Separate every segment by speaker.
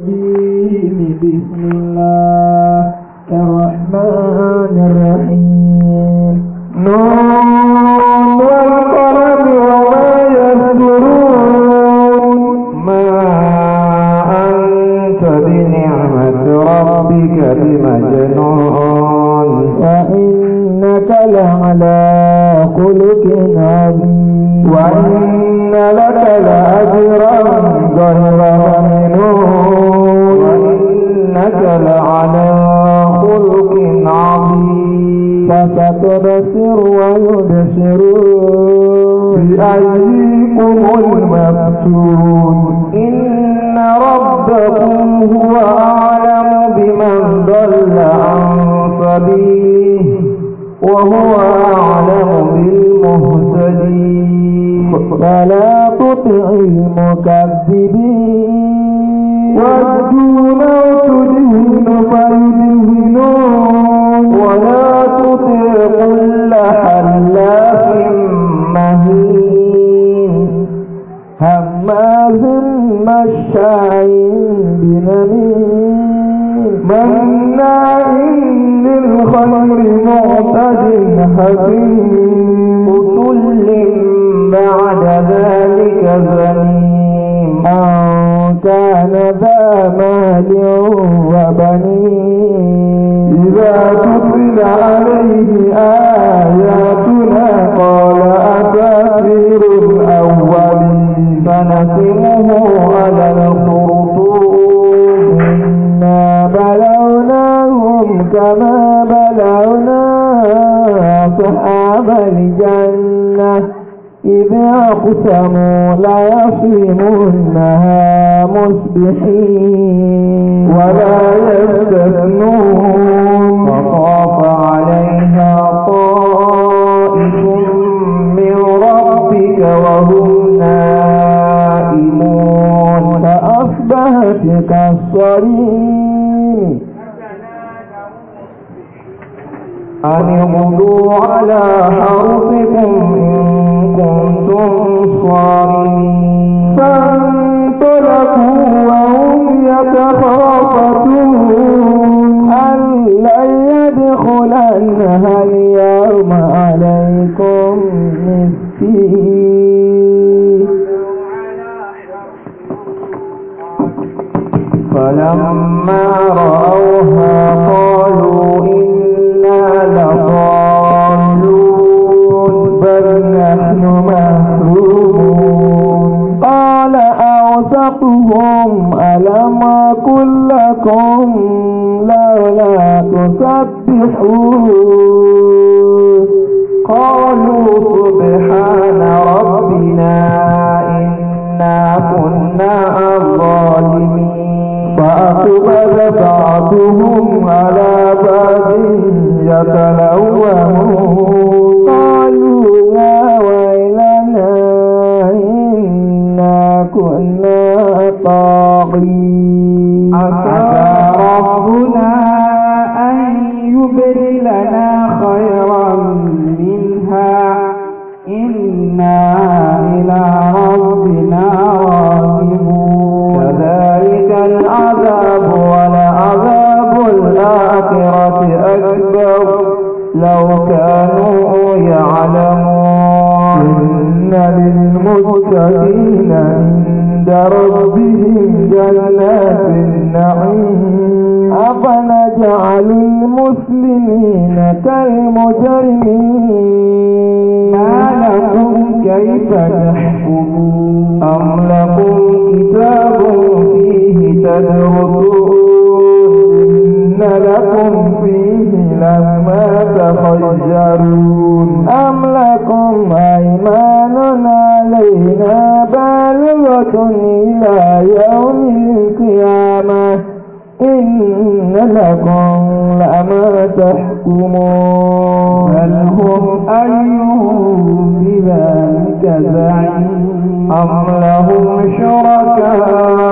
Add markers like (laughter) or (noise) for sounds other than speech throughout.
Speaker 1: بسم الله هناك خوفة أن لن يدخلنها اليوم عليكم مسكين وما كلكم لولا تسبحون قالوا سبحان ربنا إنا كنا الظالمين فأقبل بعضهم على بعض يتلومون ربهم جنات النعيم أفنجعل المسلمين كالمجرمين ما لكم كيف تحكمون أم لكم كتاب فيه تدرسون إن لكم فيه لما تخيرون أم لكم أيمان علينا بالغة إلى يوم القيامة إن لكم لما تحكمون بل هم أيهم بذلك زعيم أم لهم شركاء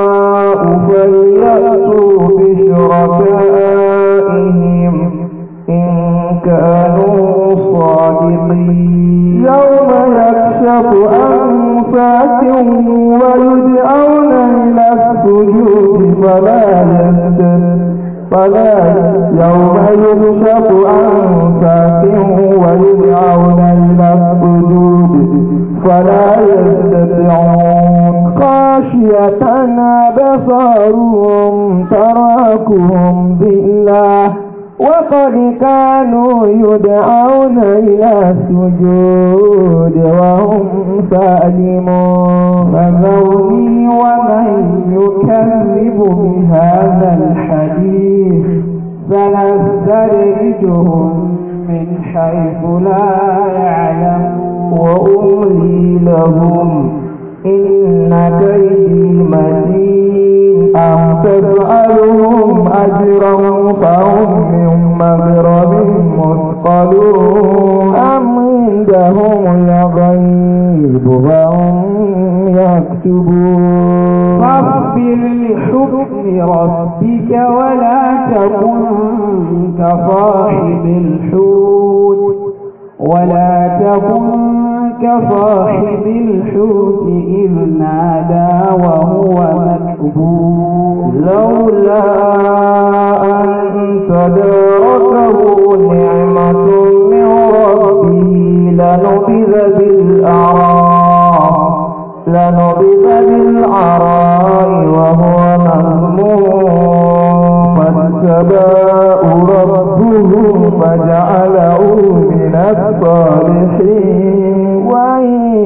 Speaker 1: فَلَا يوم يبشق عن ويدعون إلى السجود فلا يستطيعون خاشية بصرهم تراكهم بالله وقد كانوا يدعون إلى السجود وهم سالمون فذرني ومن يكذب بهذا الحديث سنستدرجهم من حيث لا يعلم وأملي لهم إن كيدي متين أم تسألهم أجرا فهم من مغرب مثقلون أم عندهم الغيب وهم يكتبون فاغفر لحكم ربك ولا تكن كصاحب الحوت ولا تكن كصاحب الحوت إذ نادى وهو مكبوت لولا أن تداركه نعمة من ربه لنبذ بالأعراء لنبذ بالعراء وهو مهموم فاتباء ربه فجعله من الصالحين ومن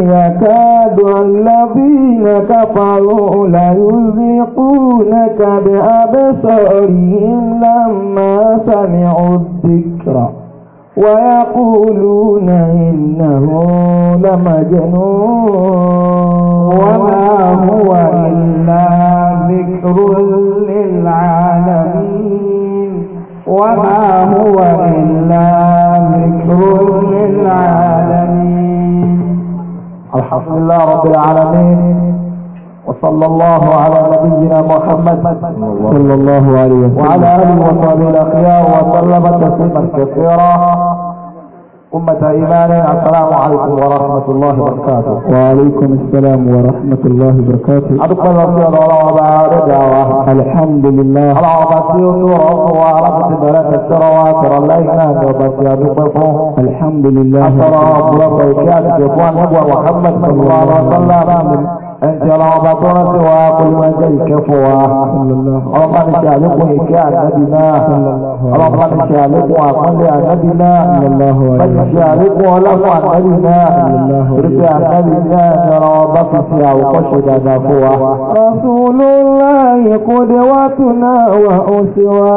Speaker 1: يكاد الذين كفروا ليزيقونك بأبصارهم لما سمعوا الذكر ويقولون إنه لمجنون وما هو إلا ذكر للعالمين وما هو إلا ذكر للعالمين الحمد لله رب العالمين وصلى الله على نبينا محمد صلى الله عليه وسلم وعلى اله وصحبه الاخيار وسلم تسليما كثيرا أمة إيمان السلام عليكم ورحمة الله وبركاته وعليكم السلام ورحمة الله وبركاته أدخل الله سيد الله وبعد الحمد لله الله بسيء الحمد لله أسرى رب العزة يكون صلى الله عليه وسلم ẹ̀ntì ọlọ́wọ́ bá tó rántí wa kó ló máa jẹ́ ìkẹ́ fún wa ọlọ́pàá ní ṣe àlékún ìkẹ́ ànábì náà ọlọ́pàá ní ṣe àlékún àpọ́nlé ànábì náà bẹ́ẹ̀ ṣe àlékún ọlọ́fún ànábì náà torípé ànábì náà ní ọlọ́wọ́ bá fi ṣe àwòkọ́ṣe dáadáa fún wa. Rasulullahi qudwatuna wa uswa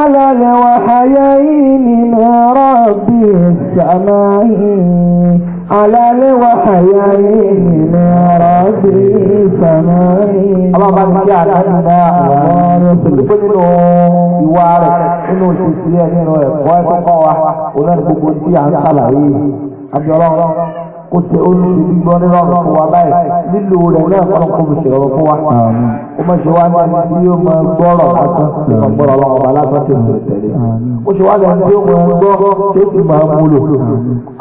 Speaker 1: على الوحيين من رب السماء Àlàlé wa àyà ìrìnà rọ̀ọ́sì ìsànà ìrìnà. Àwọn bá ti jẹ́ àtàkùnlá àwọn olùkọ́ nínú ìwà rẹ̀ nínú òṣìṣẹ́ nínú ẹ̀kọ́ ẹ̀kọ́ wa, òun náà gbogbo tí à ń sàlàyé. Àbí ọlọ́run kò ṣe ó ní gbígbọ́
Speaker 2: nínú ọ̀rọ̀ fún wa báyìí lílo rẹ̀ náà kọ́ kó mi ṣèrọ̀ fún wa ó mọ̀ ṣe wá ní ẹni tí yóò máa gbọ́rọ̀ lásán ọ̀gbọ́rọ̀ ọlọ́run ọba lásán tó ti tẹ̀lé ó ṣe wá ní ẹni tí yóò máa gbọ́ tó ti máa múlò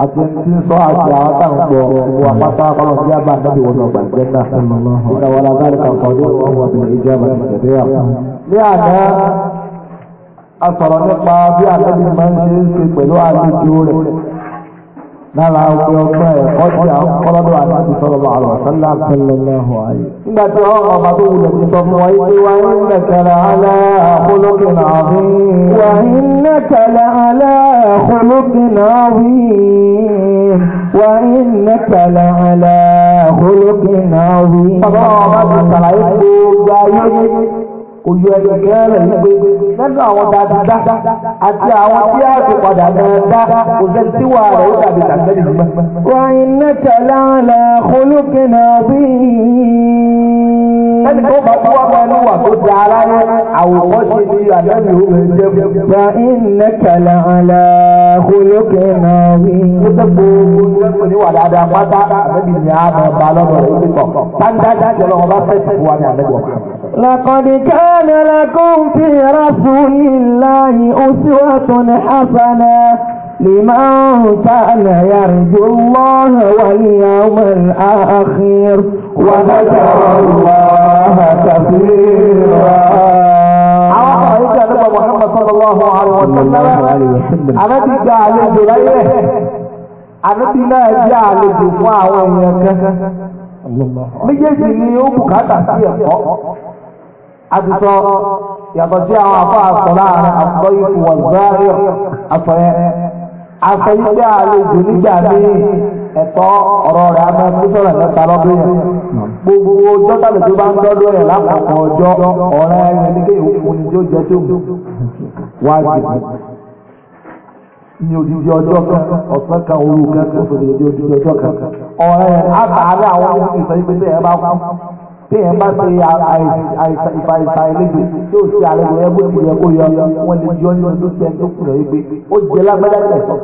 Speaker 2: àti ẹni tí ń sọ àti àwọn tá à ń gbọ́ gbogbo apáta ọlọ́run tí a bá dábì wọn ọgbà ìgbẹ́ náà nígbà wọn la sáré kan kọ́ nínú ọmọ obìnrin ìjọ
Speaker 3: ní àná
Speaker 1: a sọ̀rọ̀ nípa bí àtẹ́bí
Speaker 3: lára ọgbẹ́
Speaker 1: ọgbẹ́ ọjà ọlọ́dọ̀ àti sọ̀rọ̀ àlọ́ sọ́lá sọ́lọ́lọ́hùn ayé. nígbà tí ọ̀rọ̀ ọba tó wulẹ̀ ti sọ fún wa yìí pé wà á ń nẹ̀kẹ̀lẹ̀ alẹ́ àkọlókè náà rí òyò ẹ̀yẹ kẹrẹ wípé lẹ́nu àwọn dáadáa àti àwọn tí a ti padà dáadáa kò sẹ́ tí wà rẹ̀ ó dàbí tàbí nígbà. wà á iná tẹ̀lé àlà kólókè náà bíi ẹni tó bá tó wá pẹ̀lú wà tó di ara ní àwòkọ́ ṣe ní àdáni òun ẹ̀ jẹ́ fún. Fa iná kàlà àlà
Speaker 2: olókè náà wí. Ó jẹ́ gbogbo ìrẹ́pọ̀ ní wà dáadáa pátá àbẹ́bí ni a máa bá lọ́dọ̀ rẹ̀ ó ti kọ̀. Pándájá jẹ́ lọ́wọ́ bá fẹ́ ti wà ní àbẹ́gbọ̀. لقد
Speaker 1: كان لكم في رسول الله أسوة حسنة لمن كان يرجو الله واليوم الآخر وذكر الله كثيرا
Speaker 2: محمد صلى الله عليه وسلم
Speaker 1: ànábì gba àlejò láyé
Speaker 3: ànábì náà jẹ́ àlejò fún àwọn èèyàn kan méjèèjì ni ó bùkátà sí ẹ̀kọ́ àwọn afọ
Speaker 2: àsọ̀rọ̀ afẹ́yígbé àlejò nígbà míì ẹ̀tọ́ ọ̀rọ̀ rẹ̀ a máa ń sọ̀rọ̀ mẹ́ta lọ́dún yẹn gbogbo ọjọ́ tàlejò bá ń dọ́dún rẹ̀ lápapọ̀ ọjọ́ ọ̀rẹ́ rẹ̀ ní kéwòn fúnni tó jẹ́ tó mú wájú ní odidi ọjọ́ kan ọ̀sán kan òru kan tó fòdè ní odidi ọjọ́ kan ọ̀rẹ́ rẹ̀ àwọn ìsọ̀yí pé bẹ́ẹ̀ bá kú téèyàn bá ṣe ìfà ìfà ìlejò tí ó ṣe àlejò yẹn bó ti yẹ kó yọ wọn lè yọ nínú dúkìá tó kù rẹ̀ gbé ó jẹ lágbádá tẹ̀sán.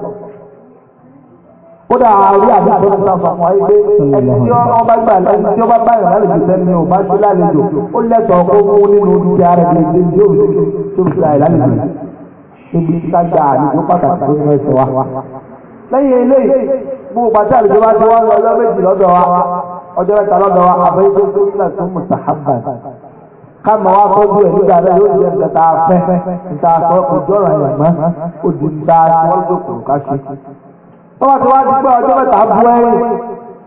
Speaker 2: kódà àárí àdúgbò tó sàn fún wa yìí pé ẹni tí wọn bá gbà ẹni tí wọn bá báyọ̀ lálejò sẹ́ni ò bá ṣe lálejò ó lẹ́tọ̀ọ́ kó mú nínú dúkìá rẹ̀ lè dé bí òun tó fi ṣe àìlálejò ibi ìtajà àdìgbò pàtàkì tó ń rẹ̀ ṣe wa. lẹ́yìn eléyìí gbogbo pàtàkì tó bá ti wá lọ ọjọ́ mẹ́ta lọ́dọ̀ wa àbẹ́yẹ́dẹ́ sunna tún mustahabban káàmù wa tọ́jú ẹ̀ nígbà rẹ̀ yóò jẹ́ nǹkan tá a fẹ́ nǹkan àtọ́ kò jọ̀rọ̀ ẹ̀ mọ́ òdì ta tí wọ́n tó kò ká ṣe.
Speaker 4: tọ́wọ́ ti wá ti pé ọjọ́ mẹ́ta bú ẹ̀yìn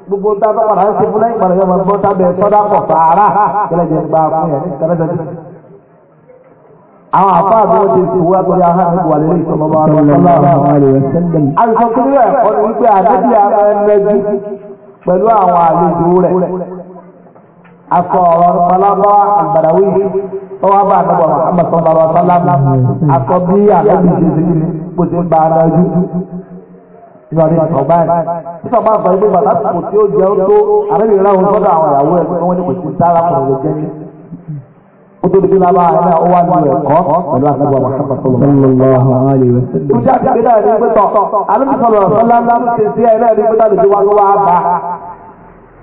Speaker 2: gbogbo ta bá padà ń ṣe fún lẹ́yìn padà yọmọ gbọ́ tábẹ̀ sọ́dá pọ̀ fàárà kẹlẹ̀ gba fún yẹn kẹlẹ́ àwọn àfáà bí ti fi wúwá torí ahọ́n àti wà lórí ìsọmọba ọlọ́run. àìsàn kúrò ẹ̀kọ́ ni wípé àdébíyà máa ń lẹ́jú pẹ̀lú àwọn àlejò rẹ̀ akọ ọ̀rọ̀ palaba àgbàdàwí tọ́wọ́ bá àdàbọ̀ Muhammad sallallahu alaihi wasallam akọ bí àdàbí ṣe ṣe yìí kò ṣe gba ara ojú ìgbàdí ìsọ̀bá ẹ̀ ìsọ̀bá àgbà yìí gbogbo àtàkùn tí ó jẹ́ ó tó àrẹ́bìnrin ráhùn sọ́dọ̀ àwọn ìyàwó ẹ̀ tí wọ́n ní kò sí sára kọ̀ọ̀lù jẹ́ ní nítorí pé bàbá rẹ̀ náà ó wà nínú ẹ̀kọ́ pẹ̀lú àtàgbà Muhammad
Speaker 1: sallallahu alaihi wa sallam. Kújà ti gbé náà ní pẹ́tọ̀, àlùmí sọ̀rọ̀ sọ́lá ńlá ti sí ẹ̀ náà ní pẹ́tọ̀ lójú wa ló wá bá.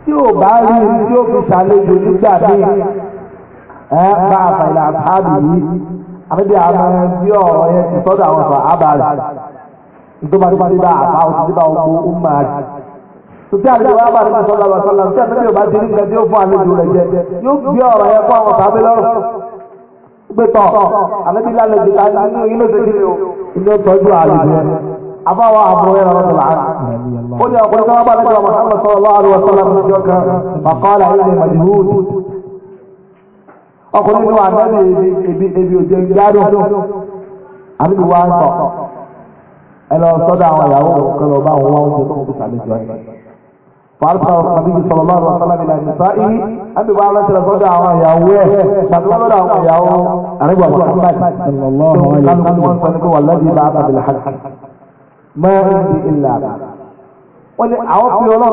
Speaker 2: Tí ò bá rí i tí ó fi ṣàlejò nígbà míì, ẹ bá àfàìlà àbábì yìí, àbíbi àwọn ẹbí ọ̀rọ̀ yẹn ti sọ́dọ̀ àwọn sọ̀ Sọ́tí àlejò wa bá àlejò sọ́lá wa sọ́lá tí àlejò bá ti rí nǹkan tí ó fún àlejò rẹ̀ jẹ yóò gbé ọ̀rọ̀ yẹn fún àwọn ọrụ lọ́rùn. Gbé tọ̀ àlejò lálejò ta nínú ilé فارسل النبي صلى الله عليه وسلم الى نسائه ابي بعض الناس رجع يا ويه فقال له يا انا محمد صلى الله عليه وسلم والذي بعث بالحق ما عندي الا wọ́n ní àwọn ẹ̀fọ́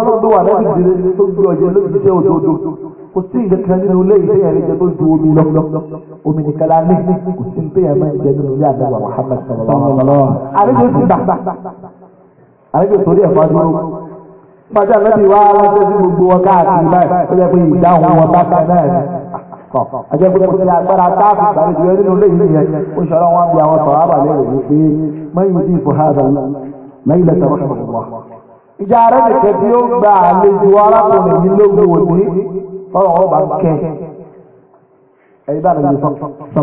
Speaker 2: adúlọ́wọ́ pàṣẹ àmẹ́bí wa ránṣẹ́ sí gbogbo wọn káàkiri báyìí ó yẹ pé ìdáhùn wọn bá fẹ́ náà ni. àjẹ́ pé kò sí agbára táàbù tàbí ìwé nínú ilé yìí yẹn ó ṣọlá wọn bí àwọn sọ̀rọ̀ àbàlẹ̀ rẹ̀ ní pé mẹ́yìn sí ipò hàdà lẹ́yìn lẹ́sẹ̀ rọ̀ ìjà rẹ̀ nìkẹ́ tí ó gba àlejò arákùnrin yìí lógun òní ọ̀rọ̀ ọba bá mi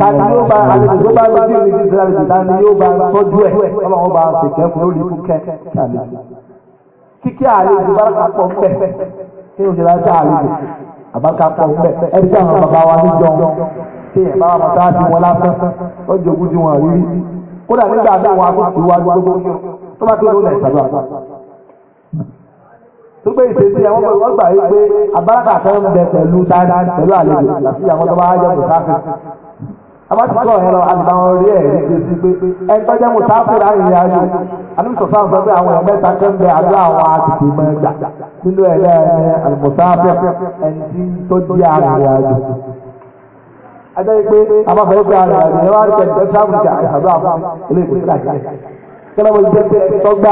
Speaker 2: Tàbí yóò bá àlejò tó bá lójú ìrìn ìdílé àlejò dání yóò bá tọ́jú ẹ̀ ọlọ́run bá ṣèkẹ́ fún lórí ikú kẹ́ àlejò. kíkí àlejò báraka pọ̀ mbẹ́ kí o jẹ́ra sí àlejò àbáka pọ̀ mbẹ́ ẹ̀rí kí àwọn bàbá wa ní jọun kí bá wọn lásán ó jogún ju wọn wọn akó wájú gbogbo tó bá kéwọn lẹ̀ tó àwọn ọmọ pé kan ń
Speaker 4: bẹ pẹ̀lú pẹ̀lú àti àwọn tó bá abájúkọ yẹn lọ àgbàwọn orí ẹ rí gbèsè pé ẹgbẹjẹ mo ta fèrè àyè ayò
Speaker 2: alùpùpù sọ pé àwọn ẹgbẹ ta kẹmbẹ àdó àwọn àtìkè mọ ẹgbà nínú ẹgbẹ ẹ alùpùpù afẹ ẹnití tó di àrè ayò. ajá yìí pé abáfẹ́ pé àrè ayò ẹ wá rí kẹ̀kẹ́ sábùkà àdó àwọn ilé ìgbésí àjẹ́ kẹlẹ́wọ̀ ìjẹ́ pé ẹ̀tọ́ gbá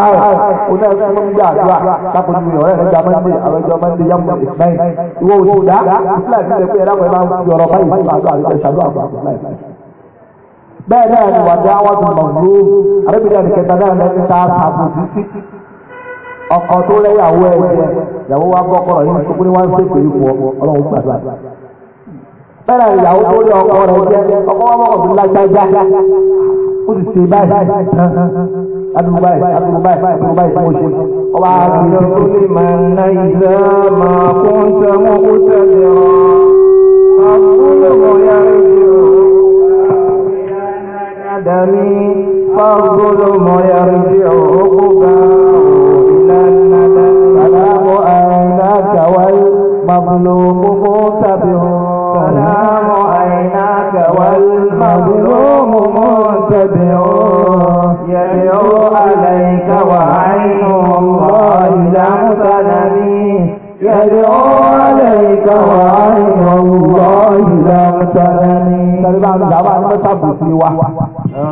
Speaker 2: ọ̀nà ẹ̀sìn fún gbà àdúrà kápẹ́ni mi ọ̀rẹ́ ẹ̀jọ̀ mẹ́ndé àwọn ẹ̀jọ̀ mẹ́ndé yá mú ìsìláì ìwọ òsì dá ìsìláì ti rẹ̀ pé ẹ̀rọ ẹ̀rọ ti ọ̀rọ̀ báyìí fún àdúrà àti ìṣàdúrà fún ìsìláì. bẹ́ẹ̀ náà ni wàdí àwọn tó mọ̀ ní arábìnrin àti kẹta náà lẹ́ni tá a sàbò títí ọkọ tó lẹ́yàwó ẹ̀ jẹ́ ìyàwó wa bọ́kọ̀rọ̀ yìí tó kúrẹ́ wá ń ṣèpè ipò ọlọ́run gbàdúrà
Speaker 1: bẹ́ẹ̀ ni ìyàwó tó lé ọkọ rẹ̀ jẹ́ ọkọ wa bọ́kọ̀ tó lágbájá
Speaker 2: ó sì ṣe báyìí adúgbò báyìí adúgbò báyìí adúgbò báyìí mo ṣe. ọba àgbẹ̀ tó lè máa ń mọ́ kó tẹ̀lé mo yá ń ṣe o.
Speaker 3: mo yá ń ṣe o. ó bá ìlànà sàlámù àìlá kàwáyé مظلوم مرتبه
Speaker 1: سلام عيناك والمظلوم مرتبه يبيع عليك وعين الله لم تنمي يبيع عليك وعين الله لم تنمي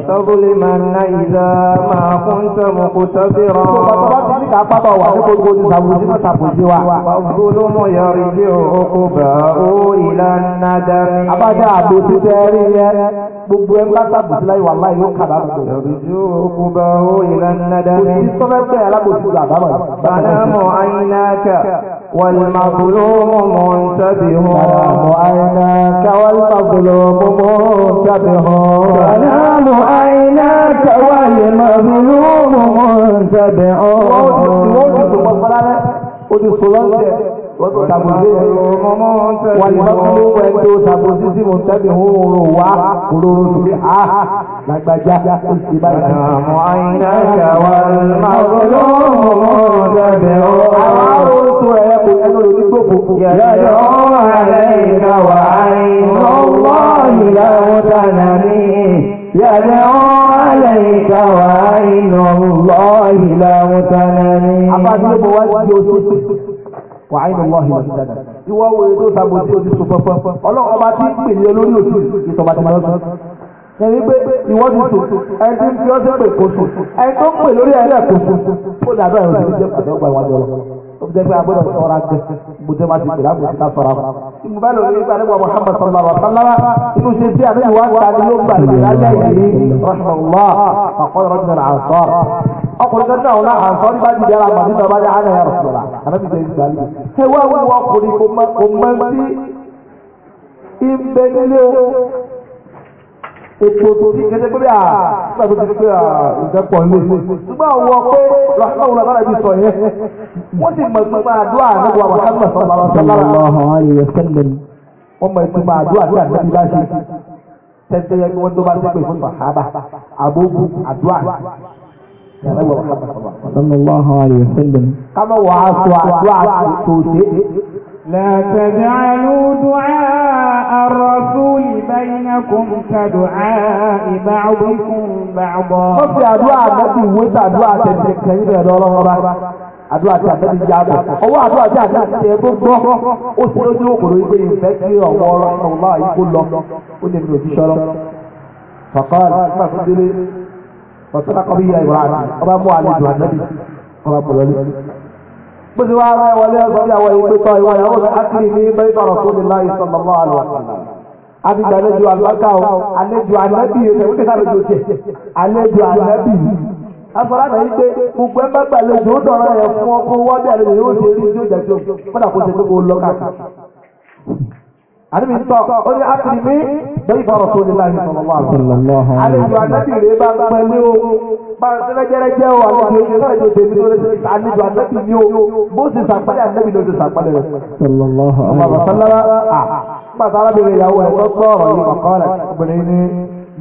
Speaker 2: تظلمن إذا ما كنت مقتدرا والظلم يرجع عقباه إلى الندم أبدا أبو تدري gbogbo ẹ̀ pátá gbèsè láyé wà láyé yóò kàdá lọ. Ìrọ̀jú ogun bá ó ìlà nàdá ní. Kò sí sọ́fẹ́ pé alábòsí gbà bá bàjẹ́. Sàlámù àyínáka
Speaker 1: wàlmàbùlùmù mọ̀ hàn. Sàlámù àyínáka wàlmàbùlùmù mọ̀ ń hàn. Sàlámù àyínáka wàlmàbùlùmù mọ̀ ń hàn. Wọ́n ti sọ wọ́n ti Tàbùsí wà ní
Speaker 2: bákúlé wẹ̀ tó tàbùsí sí mo tẹ́bi ń rò wá òróró tó bí a lágbàjá ó sì bá ìlànà. Àmọ́ àyìnlá ìyàwó àlùmọ́ọ́dọ́ mọ̀mọ́ tẹ́bẹ̀ ó. Àwọn aróòtú
Speaker 1: ẹ̀ kò ẹnu lórí gbogbo
Speaker 2: wà á yín lọ́wọ́ ìlú ìdáná. ìwọ wo èdè òsàbò tí o ti sùn fọ́fọ́ ọlọ́run ọba tí ń pè ní olórí òtún ìtọ́ba ti máa ń sọ. ẹni pé ìwọ ti sùn ẹni tí ń fi ọsẹ pè kó sùn ẹni tó ń pè lórí ẹ̀rẹ́ kó sùn kó dàbẹ́ ẹ̀rọ ìlú jẹ́ pàdé ọgbà ìwájú ọlọ́ ó jẹ́ pé agbọ́dọ̀ sọ́ra gbé gbọ́dọ̀ máa ti pè láti ṣe ká sọ́ra fún. gbà ọkùnrin kan náà náà àǹfà ní bájú dára màmí bàbá rẹ̀ àná yàrá sọ̀rọ̀ ànábì jẹ́ ìgbà lè. ẹ wá wí wọ́n ọkùnrin kò mọ sí ibẹ̀ nílé ètò tó ti kẹsẹ́ pé à nígbà tó ti pé à ìfẹ́ pọ̀ ní ìlú. ṣùgbọ́n àwọn ọpẹ́ lọ́sọ̀rọ̀ wọn lára ibi sọ yẹn wọ́n sì mọ̀ ìpínpá àdúrà nígbà wà sálùmọ̀ sọ̀rọ̀ wọ́n mọ̀ ìpínpá àdúrà tí àdúrà bá ṣe tẹ́tẹ́ yẹn kí wọ́n tó bá ṣe pé fún sàhábà àbóbú àdúrà sallallahu
Speaker 1: alayhi wa sallam.
Speaker 2: kama wà á sọ àdúrà tòṣe.
Speaker 1: لا تجعلوا دعاء الرسول بينكم
Speaker 2: كدعاء بعضكم بعضا. wọ́n fi àdúrà àgbàdì ìwé tàdúrà tẹ̀sẹ̀ kẹ́yìn rẹ̀ lọ́wọ́ bá àdúrà tí àtẹ́bí ya ọwọ́ àdúrà tí àtẹ́bí tẹ tó gbọ́ ó sì lójú òkòrò ìgbé ìfẹ́ kí ọ̀wọ́ ọlọ́run láàyè kó lọ ó lè fi sọ́rọ́. Fàkọ́rà nígbà tó délé ọ̀sán akọ́bí ya Ibrahim ọba mú àlejò ànábì ọba pọ̀ lọ́lẹ́. bó ti wá ara wọlé ọgbọ́n ìyàwó ìwé tọ́ ìwọ ìyàwó rẹ̀ ákìrì ní bẹ́ẹ̀ tọrọ fún mi láyé sọ̀rọ̀ mọ́ àlọ́ àbíjà àlejò àlùbáká o àlejò ànábì rẹ̀ wípé sàlejò jẹ àlejò ànábì afọlábà yìí pé gbogbo ẹgbẹ́ gbàlejò ó dọ̀rọ̀ yẹn fún ọkọ̀ wọ́dẹ̀ àlejò yóò àdébí sọ ó ní àtúndì mí bẹ́ẹ̀ bá rọ̀ sóde láàrin sọ̀rọ̀ wà. àlejò ànábì rè bá pẹ̀lú o bá jẹ́rẹ́jẹ́ o àwọn àlejò náà yóò tèmi lórí àlejò ànábì ni o ní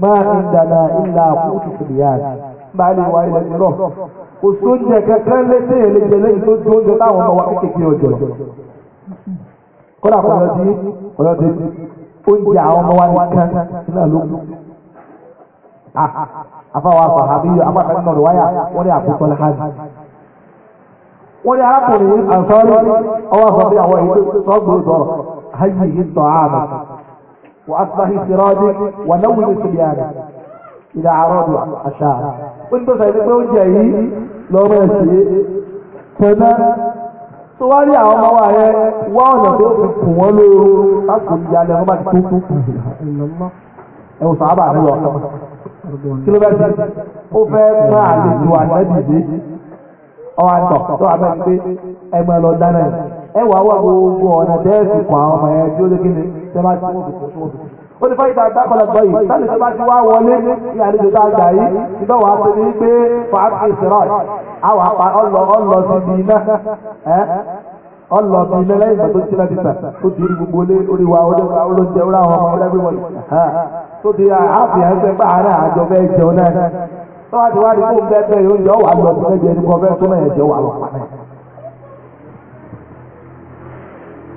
Speaker 2: máa kódà kò lọ sí ọ̀nà tó oúnjẹ àwọn ọmọ wa nìkan náà ló kù. afáwa ah, sàhábí apákan náà wáyà wọ́n ní àkókò lẹ́hàjì. wọ́n ní arákùnrin àǹsọ́rí ọwọ́ sọ pé àwọn èyí sọ́gbó sọ̀rọ̀ ayé yìí tọ́ àmà wọ́n asọ́hìn sírọ́ọ́dì wọ́n náwó ní sùlíàdì ìdá àrọ́dù àṣà. ó ní tó tó wá rí àwọn ọmọ wa rẹ wá ọ̀nà tó fi kù wọ́n lóró lásìkò ìyá lẹ bá ti tó ẹ wò sábà kí ló ti ó àlejò tó wà pé lọ dáná ẹ wà wà gbogbo ọ̀nà àwọn ọmọ yẹn tí ó lé kí ni tẹ́ bá ti a yìí á àwọn apá ọlọ ọlọ síbi iná ọlọ sí ilé lẹ́yìn ìgbà tó ti lẹ́bi tà tó di gbogbo lé orí wa olóúnjẹ orí àwọn ọmọ ọlẹ́bí wọn tó di àáfì ẹgbẹ́ bá àárẹ̀ àjọ fẹ́ jẹun náà tọ́wọ́ ti wá rí fún bẹ́ẹ̀ bẹ́ẹ̀ yóò yọ wà lọ sí ẹgbẹ́ ẹni kan fẹ́ tó náà wà lọ pa náà.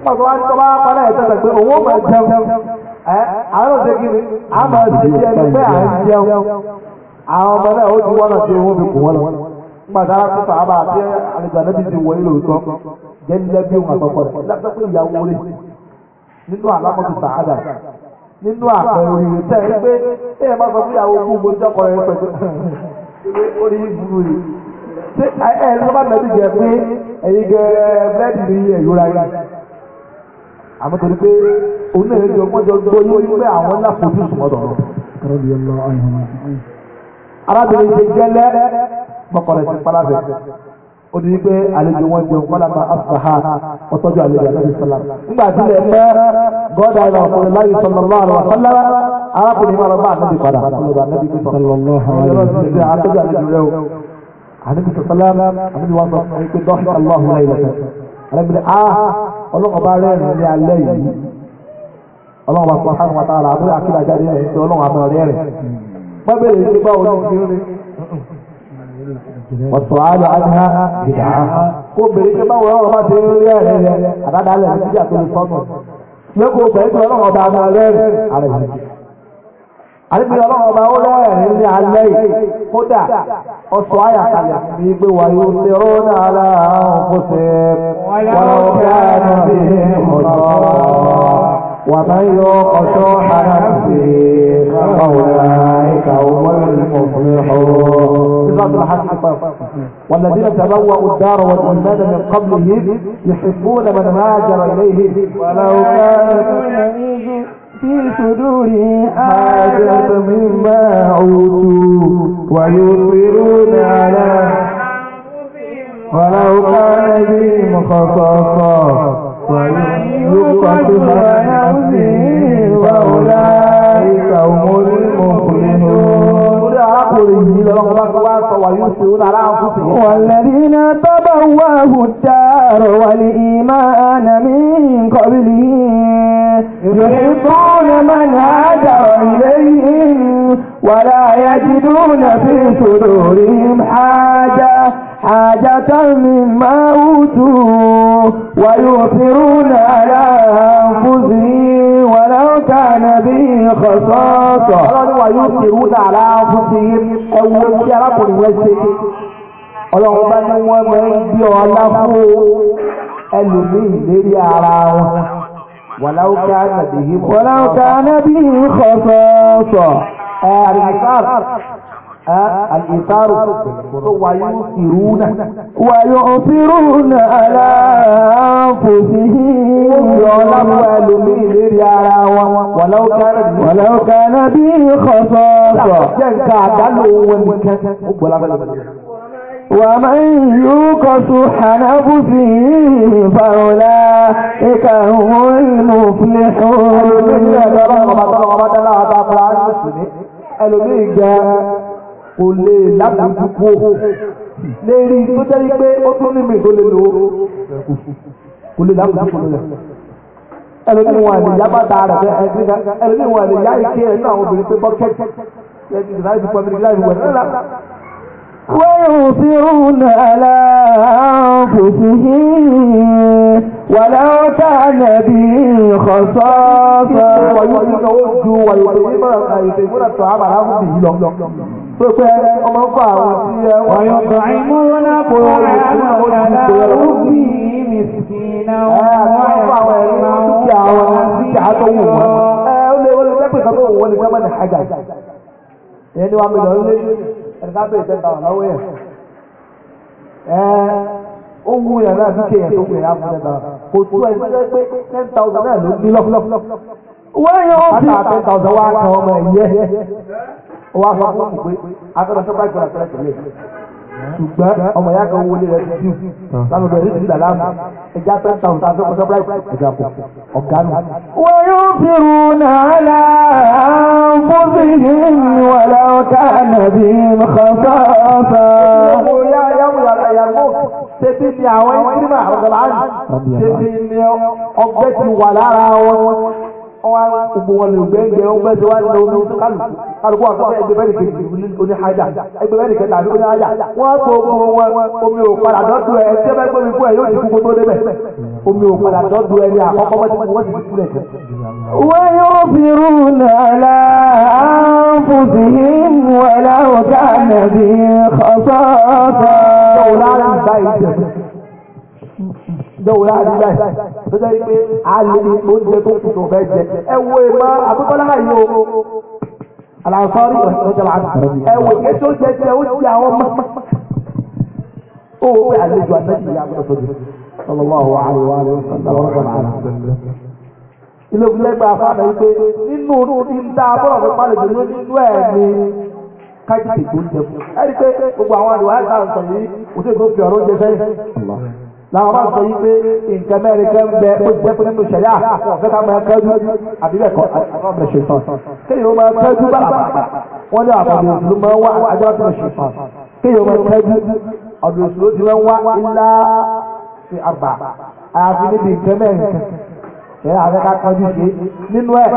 Speaker 2: pọ̀tọ́ wá ní tọ́wọ́ apáná ẹ̀jẹ̀ rẹ̀ pé owó máa jẹun àwọn òṣè kí ni a máa ṣe ẹni pé à ń jẹun àwọn ọmọ náà ó ti wọ́n gbàdára tó sàábà àti àlejò àti ti wọlé lóòótọ́ jẹ́lẹ́ bí òun àtọ́kọ rẹ̀ lápẹ́pẹ́ ìyàwó rẹ̀ nínú àlámọ́tò sàádà nínú àpẹẹrẹ òyìnbó tẹ̀ ẹ́ pé ẹ̀ máa sọ fún ìyàwó kú mo jọ́kọ rẹ̀ pẹ̀lú orí ìbúrú rẹ̀ ṣé ẹ̀ ló bá nàbí jẹ pé ẹ̀yin gẹ bẹ́ẹ̀dì ní ẹ̀yọ́ra rẹ̀ àmọ́ torí pé òun náà ń jọ mọ́jọ gbóyó pé àwọn bọ́kọ̀rẹ́ sí pálábẹ̀ ó di pé àlejò wọn jẹun pálábà afaha ọtọ́jú àlejò àlejò sọlá nígbà tí ilẹ̀ pẹ́ gọ́dà ìlà ọkùnrin láyé sallallahu alaihi wasallam arákùnrin máa lọ bá ànábì padà ọlọ́dà ànábì tó sọ̀rọ̀ ọlọ́dà àtọ́jú àlejò rẹ o ànábì sọ̀sọ́lá ànábì wọn sọ pé dọ́kítà lọ́hùn láyé lọ́kẹ́ ànábì ni a ọlọ́kọ̀ bá rẹ̀ ní alẹ́ yìí ọlọ́kọ̀ bá sọ hàn wàtà àlà àbúrò àkìlà jáde ẹ̀ ń sọ ọlọ́kọ̀ àbọ̀ rẹ̀ rẹ̀ pẹ́pẹ́ lè ṣe
Speaker 3: báwo ní والسؤال عنها بدعة obìnrin tí báwo ọlọ́run bá ti rí rí ẹ̀rẹ́ rẹ àdádálẹ̀ ní jíjà tó lè fọ́nà
Speaker 2: lẹ́kọ̀ọ́ obìnrin tí ọlọ́run ọba ara rẹ́rìn ààrẹ yìí àdébí ọlọ́run ọba ó rẹ́rìn ní alẹ́ yìí kódà ọ̀sọ̀ àyàkálẹ̀
Speaker 1: ní pé wà yóò ṣe rọ́nà ara àwọn fòṣẹ́ wọ́n lọ́wọ́ bí i ọ̀dọ́ ومن يوق شوح نفسه فأولئك هم المفلحون
Speaker 2: والذين تبوأوا الدار والإيمان من قبلهم يحبون من هاجر إليه ولو كانوا
Speaker 1: في صدورهم حاجة مما أوتوا ويؤثرون على ولو كان بهم خصاصة ويؤثرون يوقف ونعمه وأولئك
Speaker 4: هم
Speaker 2: المفلحون
Speaker 1: والذين تبواه الدار والإيمان من قبلهم يحبون من هاجر إليهم ولا يجدون في صدورهم حاجة حاجة مما أوتوا ويؤثرون على أنفسهم ولو كان به خصاصة ويؤثرون على
Speaker 2: أنفسهم أو يشرب وسيء ọlọ́run bá ní wọ́n máa ń gbé ọlá fún ẹlòmíì lérí ara wọn wàláwùká nàbìyí wàláwùká nàbìyí الإثار ويؤثرون
Speaker 1: ويؤثرون
Speaker 2: على أنفسهم
Speaker 1: ولو كان ولو
Speaker 2: كان به خصاصة
Speaker 1: ومن يوق شح نفسه فأولئك هم المفلحون
Speaker 2: ẹlòmíì gẹ kò lè lábùkù kú lérí tó jẹ́ wípé ó tún ní mi tó lè lò ó kò lè lábùkù lọ
Speaker 4: ẹlòmíì wọn àlè yá bàtà rẹ ẹlòmíì wọn àlè yá ike ẹ náà obìnrin pé
Speaker 2: bọ́kẹ́tì ẹ ti láì fi pọ́nmi láì wẹ̀ ẹ́ lára. ويؤثرون
Speaker 1: على أنفسهم ولو كان
Speaker 2: به خصاصة ويؤثرون ويطعمون الطعام على أنفسهم Pépé ọmọ fà àwọn tí ẹ wọ́n. Ọ̀yọ̀ bàí mú náà kò rọ̀ ìfúnná ó ti tó yẹ lọ. Rúbì ni wàá mi lọ lé ẹ̀ka bẹ̀rẹ̀ tẹ́ bàwọ̀ lọ́wọ́ yẹn. Ẹ ó wú yẹn náà bí kéèyàn tó wù yẹn á fún ẹ bàwọ̀. Kò tó ẹ̀ sí pé ten thousand náà ló ń wá sọ fún òkú pé afẹ́rẹ́ tó bá gbọ́n àtẹ́rẹ́ tẹ̀lé ṣùgbọ́n ọmọ ìyá kan wọlé rẹ̀ ti dùn lánàá bẹ̀rẹ̀ ìdílé àlámù ẹja tó ń ta òǹtà tó kọjá bíláì ìjà pọ̀ ọ̀gá nù. wọ́n yóò fi rúnà àlà àǹfọ̀sìnì
Speaker 1: wàlá ọ̀tá nàbí mọ̀kànfàfà. ìyá
Speaker 2: yàwó yàgò tètè ni àwọn ẹni tí mà ọ̀gá ti wà lára wọn wá gbogbo wọn lè gbé ẹgbẹ́ ọgbẹ́ tí wọ́n lọ omi kálukú kálukú wọn fẹ́ ẹgbẹ́ bẹ́ẹ̀ kejì oní haida ẹgbẹ́ bẹ́ẹ̀ kẹta àbí oní haida wọ́n tó gbogbo wọn omi ò padà dọ́dọ̀ ẹ tí ẹ bá gbé mi fún ẹ yóò di gbogbo tó débẹ̀ omi ò padà dọ́dọ̀ ẹ ní àkọ́kọ́ wọ́n ti wọ́n ti kú lẹ̀ wọ́n yóò fi rún àlá
Speaker 1: àǹfùsìhìn wọ́n láwọ̀ ká
Speaker 2: ìdánwò láàrin báyìí tó jẹ́ pé a lè ní oúnjẹ tó kù tó fẹ́ jẹ ẹ wo ìmọ̀ àbúkọ́lá yìí o àlàfáàrí ọ̀sẹ̀jọba ẹ wo ìké tó jẹ jẹ ó ti àwọn ọmọ ó wọ àlejò àtẹ́jú ìyá àbúkọ́ tó sallallahu alaihi wa sallam ilé ìgbìlẹ́gbẹ̀ afáàdà wípé nínú ìdá bọ́ọ̀lù fún pálẹ̀jù ló nínú ẹ̀ ní kájíkì tó ń jẹ fún ẹni pé gbogbo àwọn àdìwà àti àwọn ìsọ̀rọ̀ yìí kò sí ìgbófin ọ̀rọ̀ oúnjẹ sẹ́yìn làwọn bá sọ yìí pé nǹkan mẹ́rin kẹ́ ń bẹ ó jẹ́ pé nínú ìṣẹ̀lẹ̀ àkọ́kọ́ máa kẹ́jú àbíbẹ̀kọ́ àbábẹ̀ ṣe tán
Speaker 4: kéèyàn máa kẹ́jú
Speaker 2: bàbà wọ́n ní àbàbẹ̀ òṣèlú máa ń wá ajábẹ̀ ṣe tán kéèyàn máa kẹ́jú ọ̀dọ̀ òṣèlú ti máa ń wá ilá sí àbà àyàfi níbi nǹkan mẹ́rin kẹ́ ṣe kọjú ṣe nínú ẹ̀